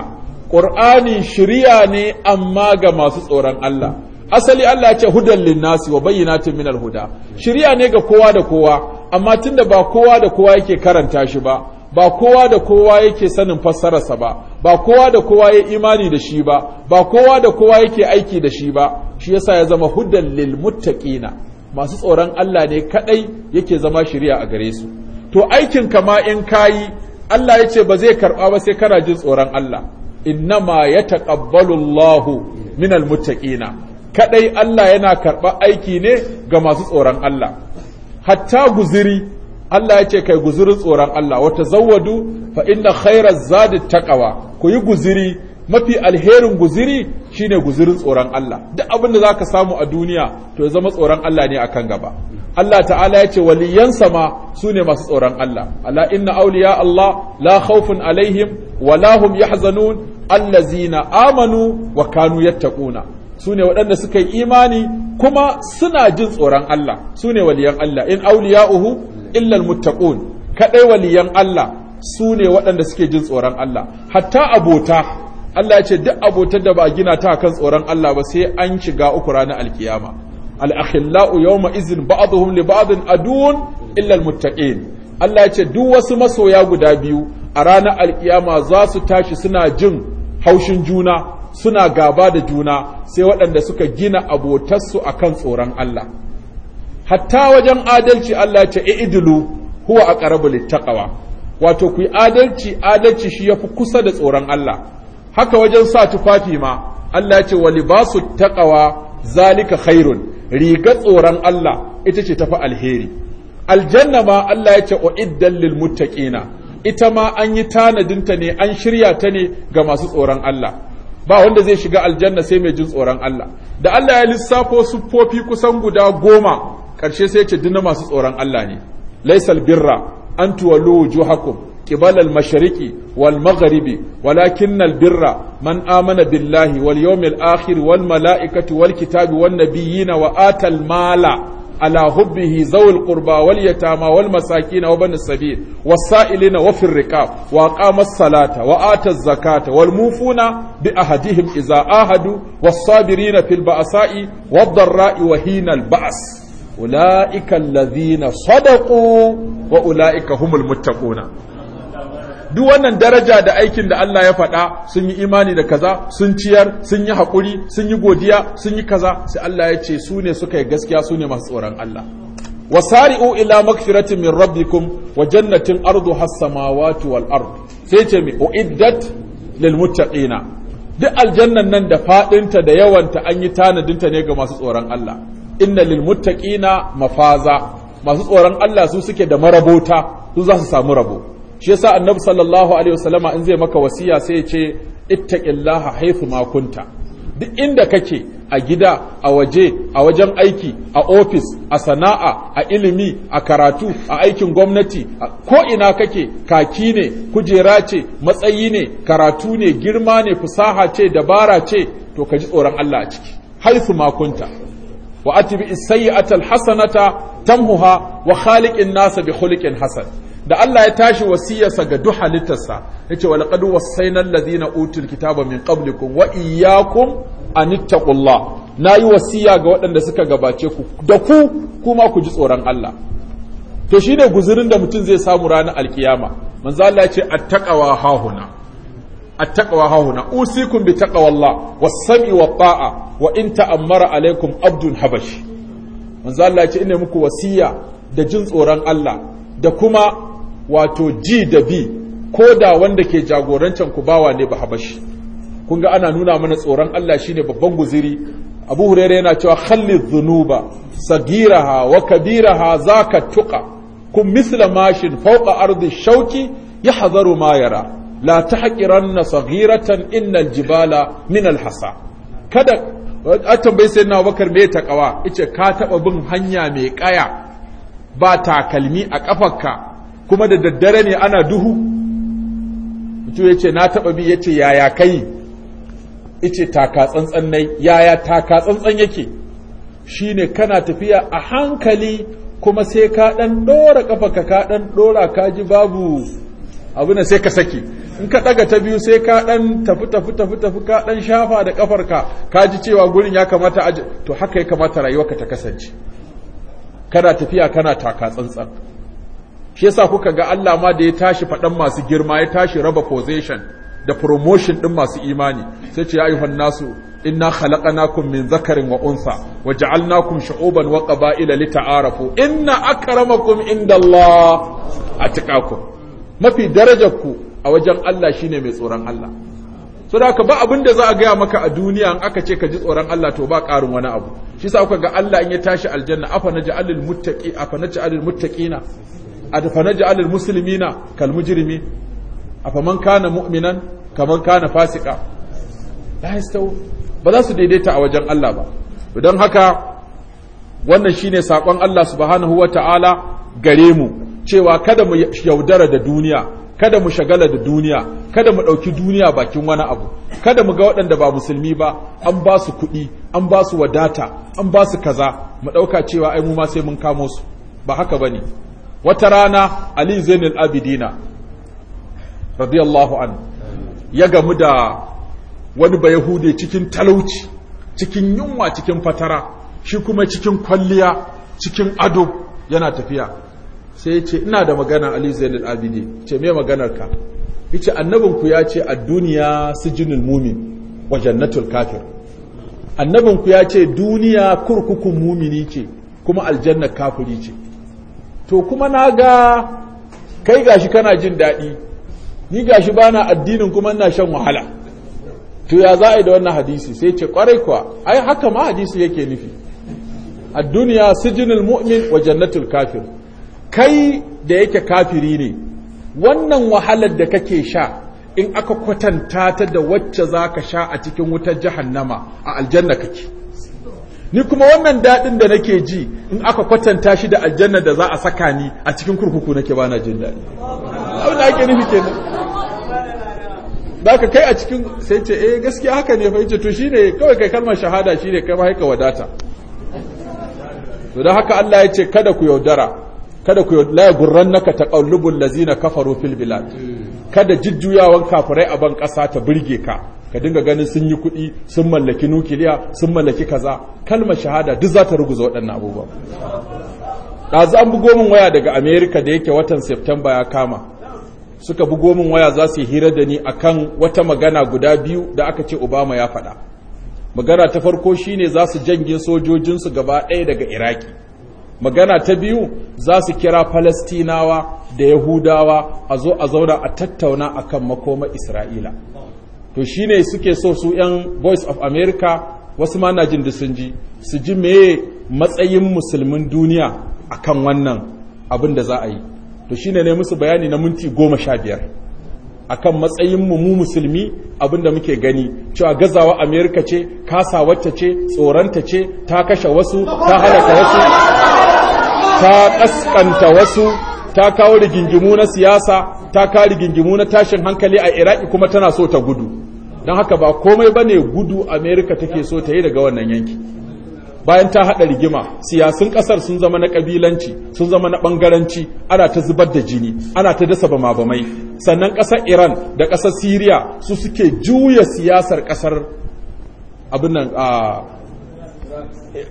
Speaker 1: qur'ani shiriya ne amma ga masu tsoron Allah asali Allah ya ce hudan lin nasi wa bayyinatin minal huda Shirya ne ga kowa da kowa amma tunda ba kowa da kowa yake karanta shi ba ba kowa da kowa yake sanin fassararsa ba ba kowa da kowa ya imani da shi ba ba kowa da kowa yake aiki da shi ba shi yasa ya zama hudan lil masu tsoron Allah ne kadai yake zama shiriya a gare su to aikin kama in kayi Allah ya ce ba zai karɓa ba sai kana jin tsoron Allah innama ya taƙabbalu Allah min almuttaqina kadai Allah yana karɓa aiki ne ga masu tsoron Allah hatta guziri Allah ya ce kai guzirin tsoron Allah wata zawadu fa inna khayra zadi taqwa ku yi guziri mafi alherin guziri shine guzirin tsoron Allah duk abin da zaka samu a duniya to ya zama tsoron Allah ne akan gaba Allah ta'ala ya ce waliyansa ma sune masu tsoron Allah ala inna awliya Allah la khawfun alaihim wa yahzanun Allah yahzanun allazina amanu wa kanu yattaquna sune waɗanda suka yi imani kuma suna jin tsoron Allah sune waliyan Allah in uhu illa almuttaqun kadai waliyan Allah sune waɗanda suke jin tsoron Allah hatta abota Allah ya ce duk abotar da ba gina ta kan tsoron Allah ba sai an shiga uku ranar alkiyama al-akhillau yawma izin ba'dhum li ba'd adun illa al-muttaqin Allah ya ce duk wasu masoya guda biyu a ranar alkiyama za su tashi suna jin haushin juna suna gaba da juna sai waɗanda suka gina abotarsu akan tsoron Allah hatta wajen adalci Allah ya ce i'dilu huwa aqrabu lit-taqwa wato ku yi adalci adalci shi yafi kusa da tsoron Allah haka wajen sa tufafi ma Allah ya ce wa libasu taqwa zalika khairun riga tsoron Allah ita ce tafi alheri aljanna ma Allah ya ce uiddal lil muttaqina ita ma an yi tanadinta ne an shirya ta ne ga masu tsoron Allah ba wanda zai shiga aljanna sai mai jin tsoron Allah da Allah ya lissafo siffofi kusan guda goma ƙarshe sai ya ce dinna masu tsoron Allah ne laisal birra an tuwallu wujuhakum قبل المشرق والمغرب ولكن البر من آمن بالله واليوم الآخر والملائكة والكتاب والنبيين وآتى المال على حبه ذوي القربى واليتامى والمساكين وبن السبيل والسائلين وفي الركاب وأقام الصلاة وآتى الزكاة والموفون بأهدهم إذا آهدوا والصابرين في البأساء والضراء وهين البأس أولئك الذين صدقوا وأولئك هم المتقون duk wannan daraja da aikin da Allah ya faɗa sun yi imani da kaza sun ciyar sun yi haƙuri sun yi godiya sun yi kaza sai Allah ya ce su ne suka yi gaskiya su ne masu tsoron Allah wasari'u ila magfiratin min rabbikum wa jannatin ardu has-samawati wal ard sai ce mi uiddat lil muttaqina duk aljannan nan da ta da yawan ta an yi ta ne ga masu tsoron Allah inna lil muttaqina mafaza masu tsoron Allah su suke da marabota su za su samu rabo shi yasa annabi sallallahu alaihi wasallama in zai maka wasiya sai ya ce ittaqillaha haythu ma kunta duk inda kake a gida a waje a wajen aiki a ofis a sana'a a ilimi a karatu a aikin gwamnati ko ina kake kaki ne kujera ce matsayi ne karatu ne girma ne fusaha ce dabara ce to ka ji tsoron Allah a ciki haythu ma kunta wa atbi as-sayyi'ata al-hasanata tamhuha wa khaliqin nasa bi khuluqin hasan da Allah ya tashi wasiyarsa ga duk halittarsa yace wa laqad nan na utul kitaba min qablikum wa a an ittaqullah yi wasiya ga waɗanda suka gabace ku da ku kuma ku ji tsoron Allah to shi ne guzurin da mutum zai samu ranar alkiyama manzo Allah ce attaqwa hahuna attaqwa hahuna usikum bi taqwallah was-sam'i wa taa wa in ta'ammara alaykum abdun habashi manzo Allah ina muku wasiya da jin tsoron Allah da kuma wato G da B ko da wanda ke jagorancin ku bawa ne ba habashi kun ga ana nuna mana tsoron Allah shine babban guziri Abu Hurairah yana cewa khalli dhunuba sagiraha wa kabiraha zaka tuqa kun misla mashin fawqa ardi shauki yahzaru ma yara la tahqiranna saghiratan innal jibala min alhasa kada a tambayi sai na bakar me takawa ice ka taba bin hanya mai kaya ba takalmi a kafarka kuma da daddare ne ana duhu mutum ya ce na taɓa bi ya ce yaya kai ice taka tsantsan nai yaya taka tsantsan yake shi ne kana tafiya a hankali kuma sai ka ɗan ɗora ƙafa ka ɗan ɗora ka ji babu abu na sai ka saki in ka ɗaga ta biyu sai ka ɗan tafi tafi tafi tafi ka ɗan shafa da ƙafarka ka ji cewa gurin ya kamata to haka ya kamata rayuwarka ta kasance kana tafiya kana taka tsantsan shi yasa kuka ga Allah ma da ya tashi faɗan masu girma ya tashi raba position da promotion ɗin masu imani sai ce ya ayyuhan nasu inna khalaqnakum min zakarin wa unsa wa ja'alnakum shu'uban wa qaba'ila lita'arafu inna akramakum indallahi atqakum mafi darajar ku a wajen Allah shine mai tsoron Allah so da ka ba abin da za a gaya maka a duniya in aka ce ka ji tsoron Allah to ba karin wani abu shi sa kuka ga Allah in ya tashi aljanna afa naj'alul muttaqi afa naj'alul muttaqina muslimina kal mujrimi أفمن كان مؤمنا كمن كان فاسقا لا fasika. ba za su daidaita a wajen Allah ba don haka wannan shine sakon Allah subhanahu wa ta'ala gare mu cewa kada mu yaudara da duniya kada mu shagala da duniya kada mu ɗauki duniya bakin wani abu kada mu ga waɗanda ba musulmi ba an ba su kuɗi an ba su wadata an ba su kaza mu ɗauka cewa ai mu ma sai mun kamo su ba haka bane wata rana ali zainul abidina radiyallahu an ya gamu da wani bayahude cikin talauci cikin yunwa cikin fatara shi kuma cikin kwalliya cikin ado yana tafiya sai ya ce ina da magana ali zainul abidi ce me maganarka yace annabinku ya ce a duniya sijinul mumin wa jannatul kafir annabinku ya ce duniya kurkukun mumini ce kuma aljannar kafiri ce to kuma na ga kai gashi kana jin daɗi ni gashi ba na addinin kuma na shan wahala to ya za a yi da wannan hadisi sai ce kwarai kuwa ai haka ma hadisi yake nufi a duniya sijinul mu'min wa jannatul kafir kai da yake kafiri ne wannan wahalar da kake sha in aka kwatanta ta da wacce za ka sha a cikin wutar jahannama a aljanna kake ni kuma wannan daɗin da nake ji in aka kwatanta shi da aljanna da za a saka ni a cikin kurkuku nake bana jin daɗi abin da ake nufi kenan baka kai a cikin sai ce eh gaskiya haka ne fahimci to shine kawai kai kalmar shahada shine kai ba wadata to don haka Allah ya ce kada ku yaudara kada ku la yagurrannaka taqallubul lazina kafaru fil bilad kada jujjuyawan kafirai a ban kasa ta burge ka ka dinga ganin sun yi kuɗi sun mallaki nukiliya sun mallaki kaza kalmar shahada duk za ta ruguza waɗannan abubuwan ɗazu an bugo min waya daga amerika da yake watan septemba ya kama suka bugo min waya za su yi hira da ni a kan wata magana guda biyu da aka ce obama ya faɗa magana ta farko shine za su janye sojojinsu gaba ɗaya daga iraki magana ta biyu za su kira falastinawa da yahudawa a zo a zauna a tattauna akan makoma isra'ila to shi ne suke so su yan voice of america wasu ma na jin sun ji su ji meye matsayin musulmin duniya a kan wannan abin da za a yi to shi ne musu bayani na minti goma sha biyar a kan matsayin mu musulmi abin da muke gani cewa gazawa amerika ce kasa wacce ce tsoranta ce ta kashe wasu ta halaka wasu ta kaskanta wasu ta kawo rigingimu na siyasa ta kawo rigingimu na tashin hankali a iraki kuma tana so ta gudu don haka ba komai ba ne gudu amerika take so ta yi daga wannan yanki bayan ta haɗa rigima siyasun ƙasar sun zama na ƙabilanci sun zama na ɓangaranci ana ta zubar da jini ana ta dasa bama-bamai sannan ƙasa iran da ƙasa syria su suke juya siyasar ƙasar abin nan a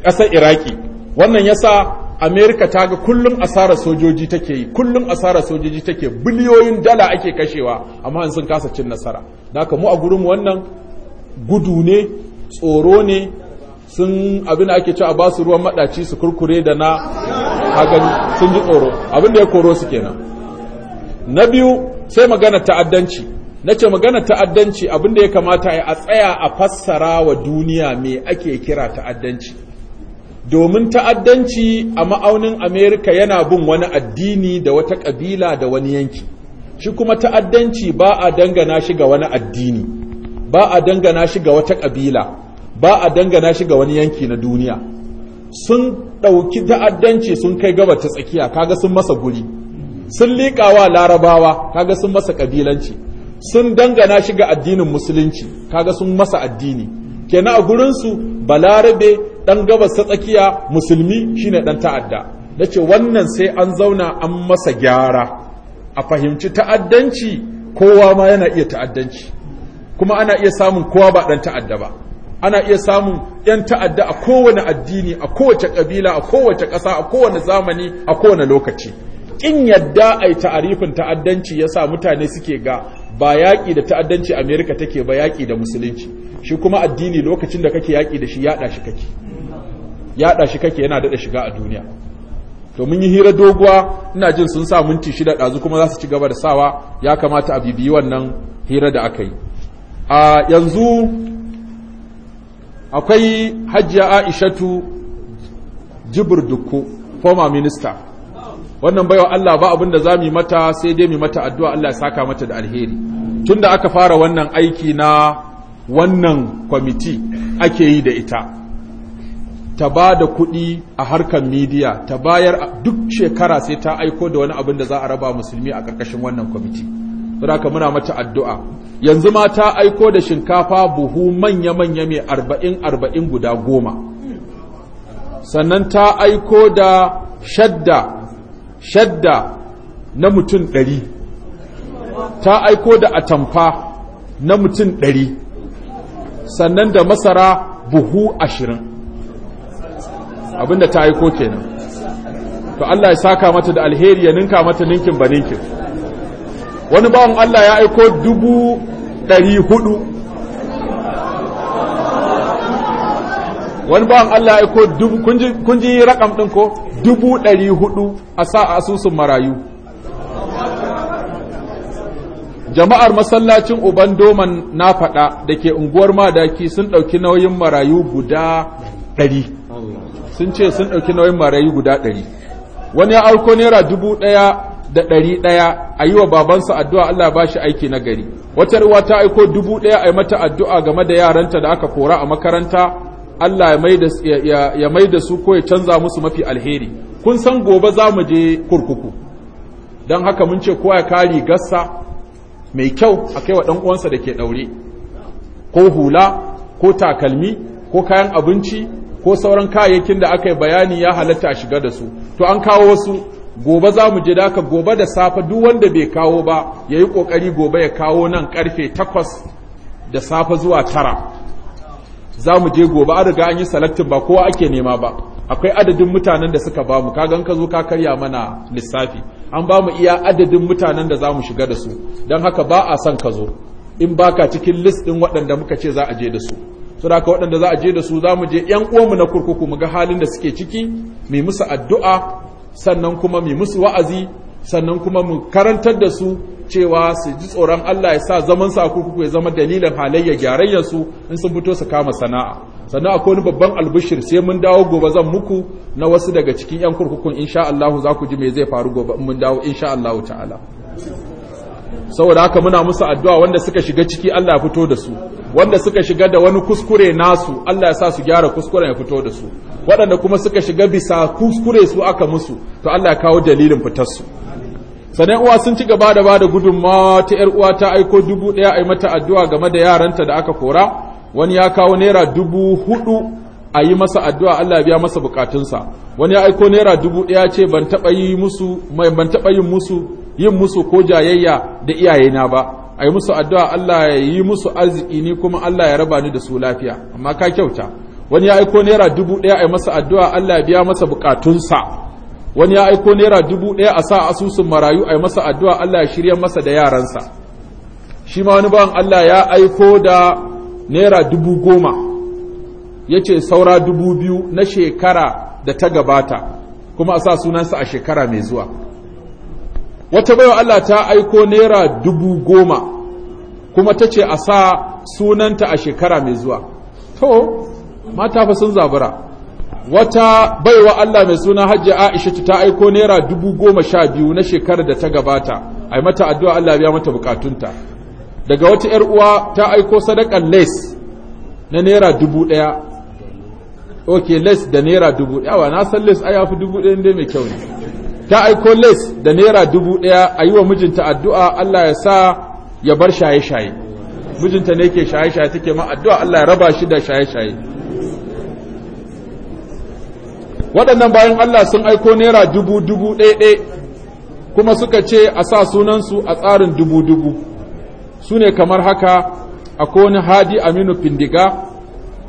Speaker 1: kasar iraki wannan yasa amerika ta ga kullum asarar sojoji take yi kullum asarar sojoji take biliyoyin dala ake kashewa amma sun kasa cin nasara da mu a gurinmu wannan gudu ne tsoro ne sun abin ake cewa ba su ruwan madaci su kurkure da na hagan sun ji tsoro abin da ya koro su kenan na biyu sai magana ta'addanci na ce magana ta'addanci abin da ya kamata a tsaya a fassara wa duniya me ake kira ta'addanci domin ta'addanci a ma'aunin amerika yana bin wani addini da wata ƙabila da wani yanki shi kuma ta'addanci ba a dangana shi ga wani addini ba a dangana shi ga wata ƙabila ba a dangana shi ga wani yanki na duniya sun ɗauki ta'addanci sun kai gaba ta tsakiya kaga sun masa guri sun liƙawa larabawa kaga sun masa ƙabilanci sun dangana shi ga addinin musulunci kaga sun masa addini kena a gurinsu balarabe ɗan gabas ta tsakiya musulmi shine ɗan ta'adda Na ce wannan sai an zauna an masa gyara a fahimci ta'addanci kowa ma yana iya ta'addanci kuma ana iya samun kowa ba ɗan ta'adda ba ana iya samun 'yan ta'adda a kowane addini a kowace ƙabila a kowace ƙasa a kowane zamani a kowane lokaci in yadda a yi ta'arifin ta'addanci ya sa mutane suke ga ba yaƙi da ta'addanci amerika take ba yaƙi da musulunci shi kuma addini lokacin da kake yaƙi da shi yaɗa shi kake yaɗa shi kake yana daɗa shiga a duniya to mun yi hira doguwa ina jin sun sa minti shida ɗazu kuma za su ci gaba da sawa ya kamata a bibiyi wannan hira da aka yi a yanzu akwai hajjiya aishatu jibir dukku former minister wannan baiwa Allah ba abin da za mu yi mata sai dai mu mata addu'a Allah ya saka mata da alheri tunda aka fara wannan aiki na wannan kwamiti ake yi da ita ta ba da kuɗi a harkar midiya ta bayar duk shekara sai ta aiko da wani abin da za a raba musulmi a ƙarƙashin wannan kwamiti saboda muna mata addu'a yanzu ma ta aiko da shinkafa buhu manya-manya mai arba'in arba'in guda goma sannan ta aiko da shadda shadda na mutum ɗari ta aiko da atamfa na mutum ɗari sannan da masara buhu ashirin abinda ta aiko kenan to Allah ya saka mata da alheri ya ninka mata ninkin ba ninkin wani bawan Allah ya aiko dubu ɗari hudu wani bawan Allah ya ko dubu kun ji rakam ɗin ko dubu ɗari hudu a sa a asusun marayu jama'ar masallacin uban doman na faɗa da ke unguwar madaki sun ɗauki nauyin marayu guda ɗari sun ce sun ɗauki nauyin marayu guda ɗari wani ya auko naira dubu ɗaya da ɗari ɗaya a yi wa babansa addu'a Allah ba shi aiki na gari wata ruwa ta aiko dubu ɗaya a yi mata addu'a game da yaranta da aka kora a makaranta Allah ya mai da su ko ya canza musu mafi alheri kun san gobe za mu je kurkuku don haka mun ce kowa ya kari gassa mai kyau a kai wa ɗan'uwansa da ke ɗaure ko hula ko takalmi ko kayan abinci ko sauran kayayyakin da aka yi bayani ya halatta a shiga da su to an kawo wasu gobe za mu je daka gobe da safe duk wanda bai kawo ba ya yi ƙoƙari gobe ya kawo nan ƙarfe takwas da safe zuwa tara za mu je gobe an riga an yi salatin ba kowa ake nema ba akwai adadin mutanen da suka bamu mu kagan ka zo ka karya mana lissafi an ba mu iya adadin mutanen da za mu shiga da su don haka ba a son ka zo in baka cikin list ɗin waɗanda muka ce za a je da su da ka waɗanda za a je da su za mu je ‘yan uwanmu na kurkuku mu ga halin da suke ciki mu musu addu'a sannan kuma mu musu wa'azi sannan kuma mu karantar da su cewa su ji tsoron Allah ya sa zaman sa kurkuku ya zama dalilin halayya gyarayyar su in sun fito su kama sana'a sannan akwai wani babban albishir sai mun dawo gobe zan muku na wasu daga cikin yan kurkukun insha Allah za ku ji me zai faru gobe in mun dawo insha Allah ta'ala saboda haka muna musu addu'a wanda suka shiga ciki Allah ya fito da su wanda suka shiga da wani kuskure nasu Allah ya sa su gyara kuskuren ya fito da su waɗanda kuma suka shiga bisa kuskure su aka musu to Allah ya kawo dalilin fitar su sannan uwa sun ci gaba da bada gudunmawa ta yar uwa ta aiko dubu ɗaya a yi mata addu'a game da yaranta da aka kora wani ya kawo naira dubu hudu a yi masa addu'a Allah ya biya masa bukatunsa wani ya aiko naira dubu ɗaya ce ban taɓa yi musu mai ban taɓa yin musu yin musu ko jayayya da iyayena ba a yi musu addu'a Allah ya yi musu arziki ni kuma Allah ya raba ni da su lafiya amma ka kyauta wani ya aiko naira dubu ɗaya a yi masa addu'a Allah ya biya masa bukatunsa wani ya aiko naira dubu ɗaya a sa asusun marayu a yi masa addu'a Allah ya shirya masa da yaransa shi ma wani bawan Allah ya aiko da naira dubu goma ya ce saura dubu biyu na shekara da ta gabata kuma a sa sunansa a shekara mai zuwa wata baiwa Allah ta aiko naira dubu goma kuma ta ce a sa sunanta a shekara mai zuwa to mata fa sun zabura wata baiwa Allah mai suna hajji Aisha ta aiko naira dubu goma sha biyu na shekarar da ta gabata ai mata addu'a Allah biya mata bukatunta daga wata ‘yar uwa ta aiko sadakan les na naira dubu ɗaya ok les da naira dubu ɗaya wa na san les a yafi dubu ɗaya dai mai kyau ne ta aiko les da naira dubu ɗaya a yi wa mijinta addu'a Allah ya sa ya bar shaye-shaye mijinta ne ke shaye-shaye take ma addu'a Allah ya raba shi da shaye-shaye waɗannan bayan Allah sun aiko naira dubu dubu ɗaiɗe kuma suka ce a sa sunansu a tsarin dubu dubu su ne kamar haka akwai wani hadi aminu findiga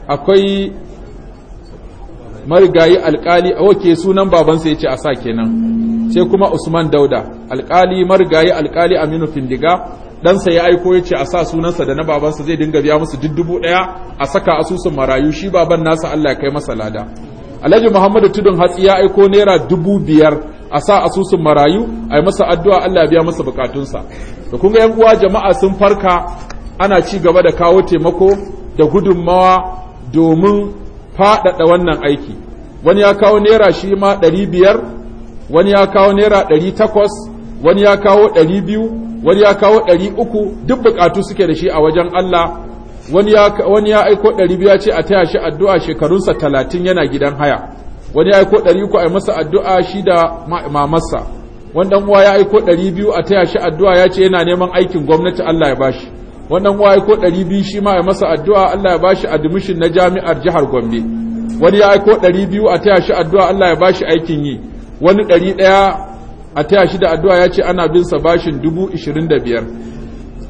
Speaker 1: akwai marigayi alkali a wake sunan babansa ya ce a sa kenan sai kuma usman dauda alkali marigayi alkali aminu findiga ɗansa ya aiko ya ce a sa sunansa da na babansa zai dinga biya musu duk dubu ɗaya a saka asusun marayu shi baban nasa allah ya kai masa lada alhaji muhammadu tudun hatsi ya aiko naira dubu biyar a sa asusun marayu a yi masa addu'a allah biya masa bukatunsa da kunga yan uwa jama'a sun farka ana ci gaba da kawo taimako da gudunmawa domin faɗaɗa wannan aiki wani ya kawo naira shi ma ɗari biyar wani ya kawo naira ɗari takwas wani ya kawo ɗari biyu wani ya kawo ɗari uku duk bukatu suke da shi a wajen allah wani ya aiko ɗari biya ce a taya shi addu'a shekarunsa talatin yana gidan haya wani ya aiko ɗari uku a masa addu'a shi da mamarsa wannan uwa ya aiko ɗari biyu a taya shi addu'a ya ce yana neman aikin gwamnati Allah ya bashi wannan uwa ya aiko ɗari biyu shi ma a masa addu'a Allah ya bashi dimishin na jami'ar jihar Gombe wani ya aiko ɗari biyu a taya shi addu'a Allah ya bashi aikin yi wani ɗari ɗaya a taya shi da addu'a ya ce ana bin sa bashin dubu ishirin da biyar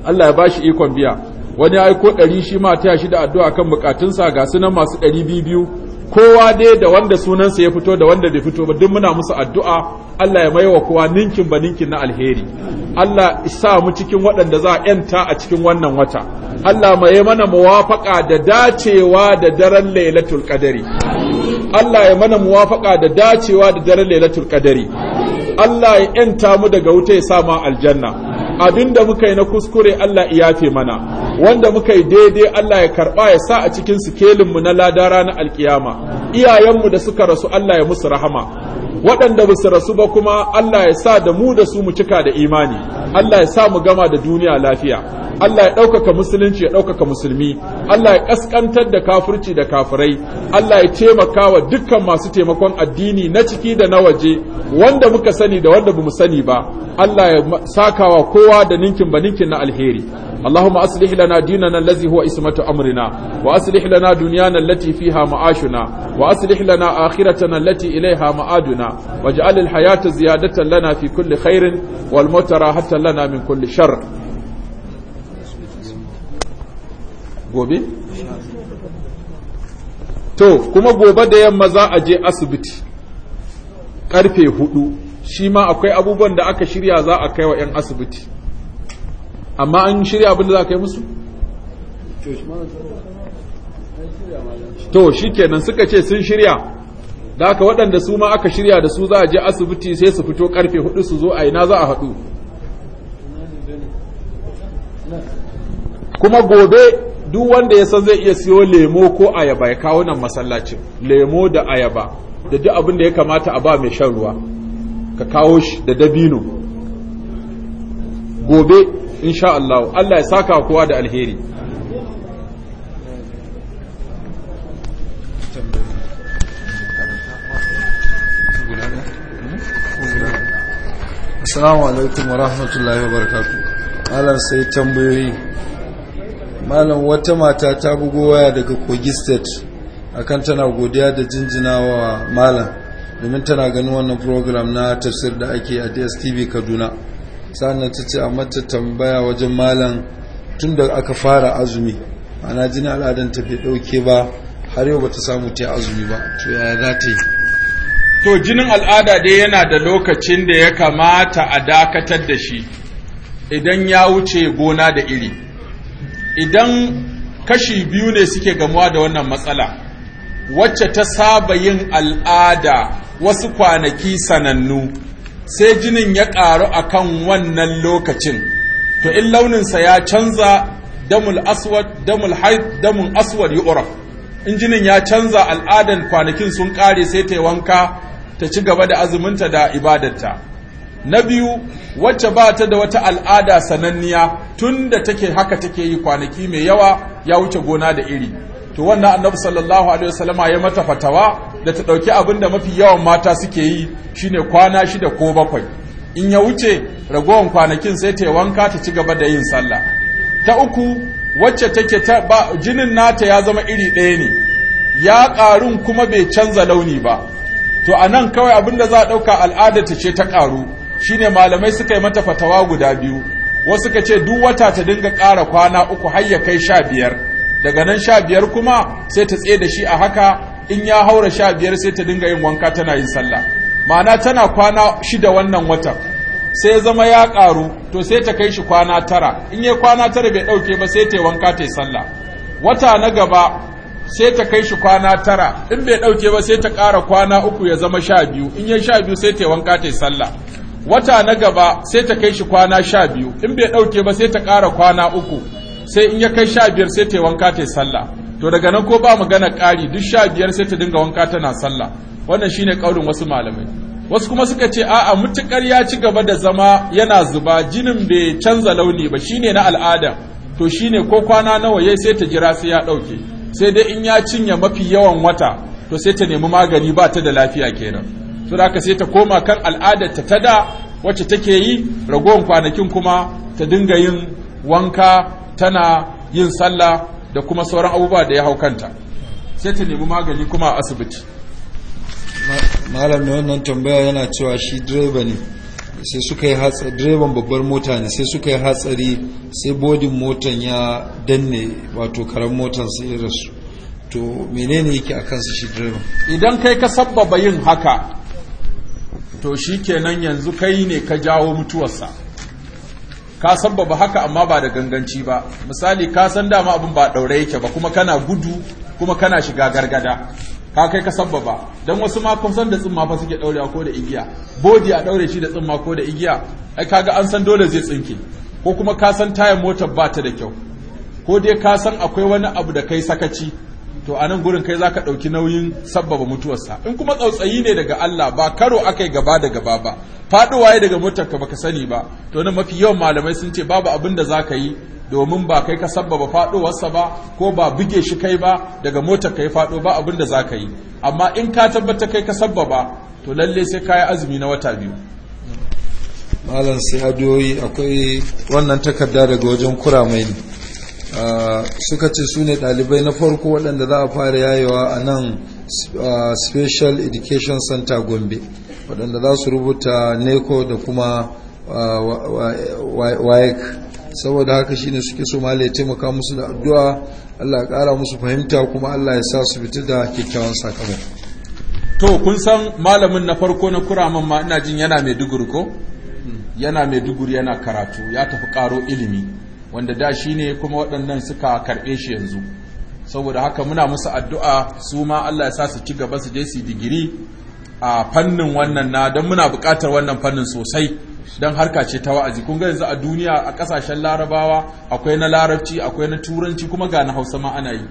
Speaker 1: Allah ya bashi ikon biya wani ya aiko ɗari shi ma taya shi da addu'a kan bukatunsa ga sunan masu ɗari biyu biyu kowa dai da wanda sunansa ya fito da wanda bai fito ba duk muna musu addu'a Allah ya mai wa kowa ninkin ba ninkin na alheri Allah sa mu cikin waɗanda za a ‘yanta a cikin wannan wata Allah mai mana muwafaƙa da dacewa da daren lailatul ƙadari. Allah ya mana muwafaƙa da dacewa da daren lailatul ƙadari. Allah ya ‘yanta mu daga wuta ya sa ma aljanna abinda muka yi na kuskure Allah ya yafe mana wanda muka yi daidai Allah ya karba ya sa a cikin sikelinmu na ladara na alkiyama iyayenmu da suka rasu Allah ya musu rahama waɗanda ba su rasu ba kuma Allah ya sa da mu da su mu cika da imani Allah ya sa mu gama da duniya lafiya Allah ya ɗaukaka musulunci ya ɗaukaka musulmi Allah ya ƙasƙantar da kafirci da kafirai Allah ya taimaka wa dukkan masu taimakon addini na ciki da na waje wanda muka sani da wanda bamu sani ba Allah ya sakawa kowa da ninkin ba ninkin na alheri اللهم أصلح لنا ديننا الذي هو اسمة أمرنا وأصلح لنا دنيانا التي فيها معاشنا وأصلح لنا آخرتنا التي إليها مآدنا واجعل الحياة زيادة لنا في كل خير والموت راحة لنا من كل شر gobe? to kuma gobe da yamma za a je asibiti karfe hudu shi ma akwai abubuwan da aka shirya za a kai wa 'yan asibiti amma an shirya abin da za ka yi musu to shi kenan suka ce sun shirya da aka waɗanda su ma aka shirya da su za a je asibiti sai su fito karfe hudu su zo a ina za a haɗu kuma gobe duk wanda ya san zai iya siyo lemo ko ayaba ya kawo nan masallacin lemo da ayaba da duk abin da ya kamata a ba mai shan ruwa ka kawo shi da dabino gobe insha Allah Allah ya saka kowa da alheri
Speaker 3: Assalamu alaikum wa rahmatullahi wa barakatu. Malam sai tambayoyi. Malam wata mata ta bugo waya daga Kogi State akan tana godiya da jinjinawa malam domin tana ganin wannan program na tafsir da ake a DSTV Kaduna. sannan ta ce a mata tambaya wajen malam tun da aka fara azumi ana jini al'adar ta bai ɗauke ba har yau ba ta samu ta azumi ba
Speaker 1: to yaya za ta yi to jinin al'ada dai yana da lokacin da ya kamata a dakatar da shi idan ya wuce gona da iri idan kashi biyu ne suke gamuwa da wannan matsala wacce ta saba yin al'ada wasu kwanaki sanannu sai jinin ya ƙaru a kan wannan lokacin to in launinsa ya canza damul aswad damul haid damun aswad yu'raf in jinin ya canza al'adan kwanakin sun ƙare sai ta yi wanka ta ci gaba da azuminta da ibadarta na biyu wacce ba ta da wata al'ada sananniya tun da take haka take yi kwanaki mai yawa ya wuce gona da iri to wannan annabi sallallahu alaihi wasallama ya mata fatawa da ta ɗauki abin da mafi yawan mata suke yi shine kwana shida ko bakwai in ya wuce ragowan kwanakin sai ta wanka ta ci gaba da yin sallah ta uku wacce take ta ba jinin nata ya zama iri ɗaya ne ya ƙarun kuma bai canza launi ba to anan kawai abin da za a ɗauka al'ada ta ce ta ƙaru shine malamai suka yi mata fatawa guda biyu wasu ka ce duk wata ta dinga ƙara kwana uku har ya kai sha biyar daga nan sha biyar kuma sai ta tsaye da shi a haka in ya haura sha biyar sai ta dinga yin wanka tana yin sallah ma'ana tana kwana shida wannan watan sai zama ya ƙaru to sai ta kai shi kwana tara in ya kwana tara bai ɗauke ba sai ta yi wanka ta yi sallah wata na gaba sai ta kai shi kwana tara in bai ɗauke ba sai ta ƙara kwana uku ya zama sha biyu in ya sha biyu sai ta yi wanka ta yi sallah wata na gaba sai ta kai shi kwana sha biyu in bai ɗauke ba sai ta ƙara kwana uku sai in ya kai sha biyar sai ta yi wanka ta yi sallah to daga nan ko ba magana ƙari duk sha biyar sai ta dinga wanka tana sallah wannan shine ƙaurin wasu malamai wasu kuma suka ce a'a mutukar ya ci gaba da zama yana zuba jinin bai canza launi ba shine na al'ada to shine ko kwana nawa yayi sai ta jira sai ya dauke sai dai in ya cinye mafi yawan wata to sai ta nemi magani ba ta da lafiya kenan to da sai ta koma kan al'ada ta tada wacce take yi ragowar kwanakin kuma ta dinga yin wanka tana yin sallah da kuma sauran abubuwa da ya hau kanta sai ta nemi magani kuma a asibiti
Speaker 3: malam ne wannan tambaya yana cewa shi direba ne sai suka yi hatsari direban babbar mota ne sai suka yi hatsari sai bodin motan ya danne wato karan motan su ya rasu to menene yake a kansa shi direban
Speaker 1: idan kai ka sabbaba yin haka to shi kenan yanzu kai ne ka jawo mutuwarsa ka sabbaba haka amma ba da ganganci ba misali ka san dama abin ba daure yake ba kuma kana gudu kuma kana shiga gargada ka kai ka sabbaba dan wasu ma kun san da tsumma fa suke daurewa ko da igiya bodi a daure shi da tsumma ko da igiya ai kaga an san dole zai tsinke ko kuma ka san tayar motar ba ta da kyau ko dai ka san akwai wani abu da kai sakaci to a nan gurin kai za ka ɗauki nauyin sabbaba mutuwarsa in kuma tsautsayi ne daga Allah ba karo aka yi gaba da gaba ba faɗuwa ya daga motarka baka sani ba to nan mafi yawan malamai sun ce babu abin da za ka yi domin ba kai ka sabbaba faɗuwarsa ba ko ba buge shi kai ba daga motar ka yi faɗo ba abin da za ka yi amma in ka tabbata kai ka sabbaba to lalle sai ka yi azumi na wata biyu
Speaker 3: malam sai adoyi akwai wannan takarda daga wajen kura kuramaini suka ce su ne ɗalibai na farko waɗanda za a fara yayewa a nan special education center gombe waɗanda za su rubuta neco da kuma waik saboda haka shine suke so ma ya taimaka musu da addu'a allah ya ƙara musu fahimta kuma allah ya sa su fita da kyakkyawan sakamako
Speaker 1: to kun san malamin na farko na kuraman ma ina jin yana mai duguri ko
Speaker 3: hmm.
Speaker 1: yana mai duguri yana karatu ya tafi karo ilimi wanda da shi ne kuma waɗannan suka karɓe shi yanzu saboda haka muna musu addu'a su ma Allah ya sa su ci gaba su je su digiri a fannin wannan na don muna buƙatar wannan fannin sosai don harka ce ta wa'azi kun yanzu a duniya a ƙasashen larabawa akwai na larabci akwai na turanci kuma ga na hausa ma ana yi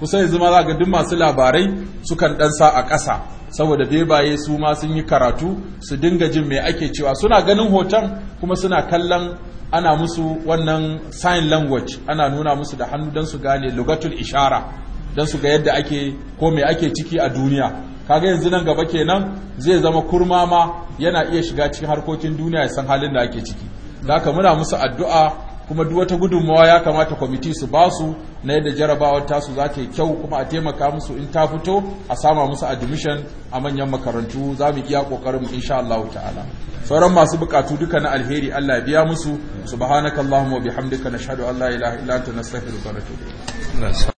Speaker 1: kusan yanzu ma za ga duk masu labarai sukan dan sa a ƙasa saboda bebaye su ma sun yi karatu su dinga jin me ake cewa suna ganin hoton kuma suna kallon ana musu wannan sign language ana nuna musu da hannu don su gane lugatul ishara don su ga yadda ake ko me ake ciki a duniya kaga yanzu nan gaba kenan zai zama kurma ma yana iya shiga cikin harkokin duniya ya san halin da ake ciki da muna musu addu'a kuma duk wata gudunmawa ya kamata kwamiti su ba su na yadda jarabawar tasu za ta yi kyau kuma a taimaka musu in ta fito a sama musu admission a manyan makarantu za mu iya kokarin insha Allah ta'ala sauran masu bukatu duka na alheri Allah ya biya musu subhanakallahumma wa bihamdika nashhadu an la ilaha illa anta nastaghfiruka wa natubu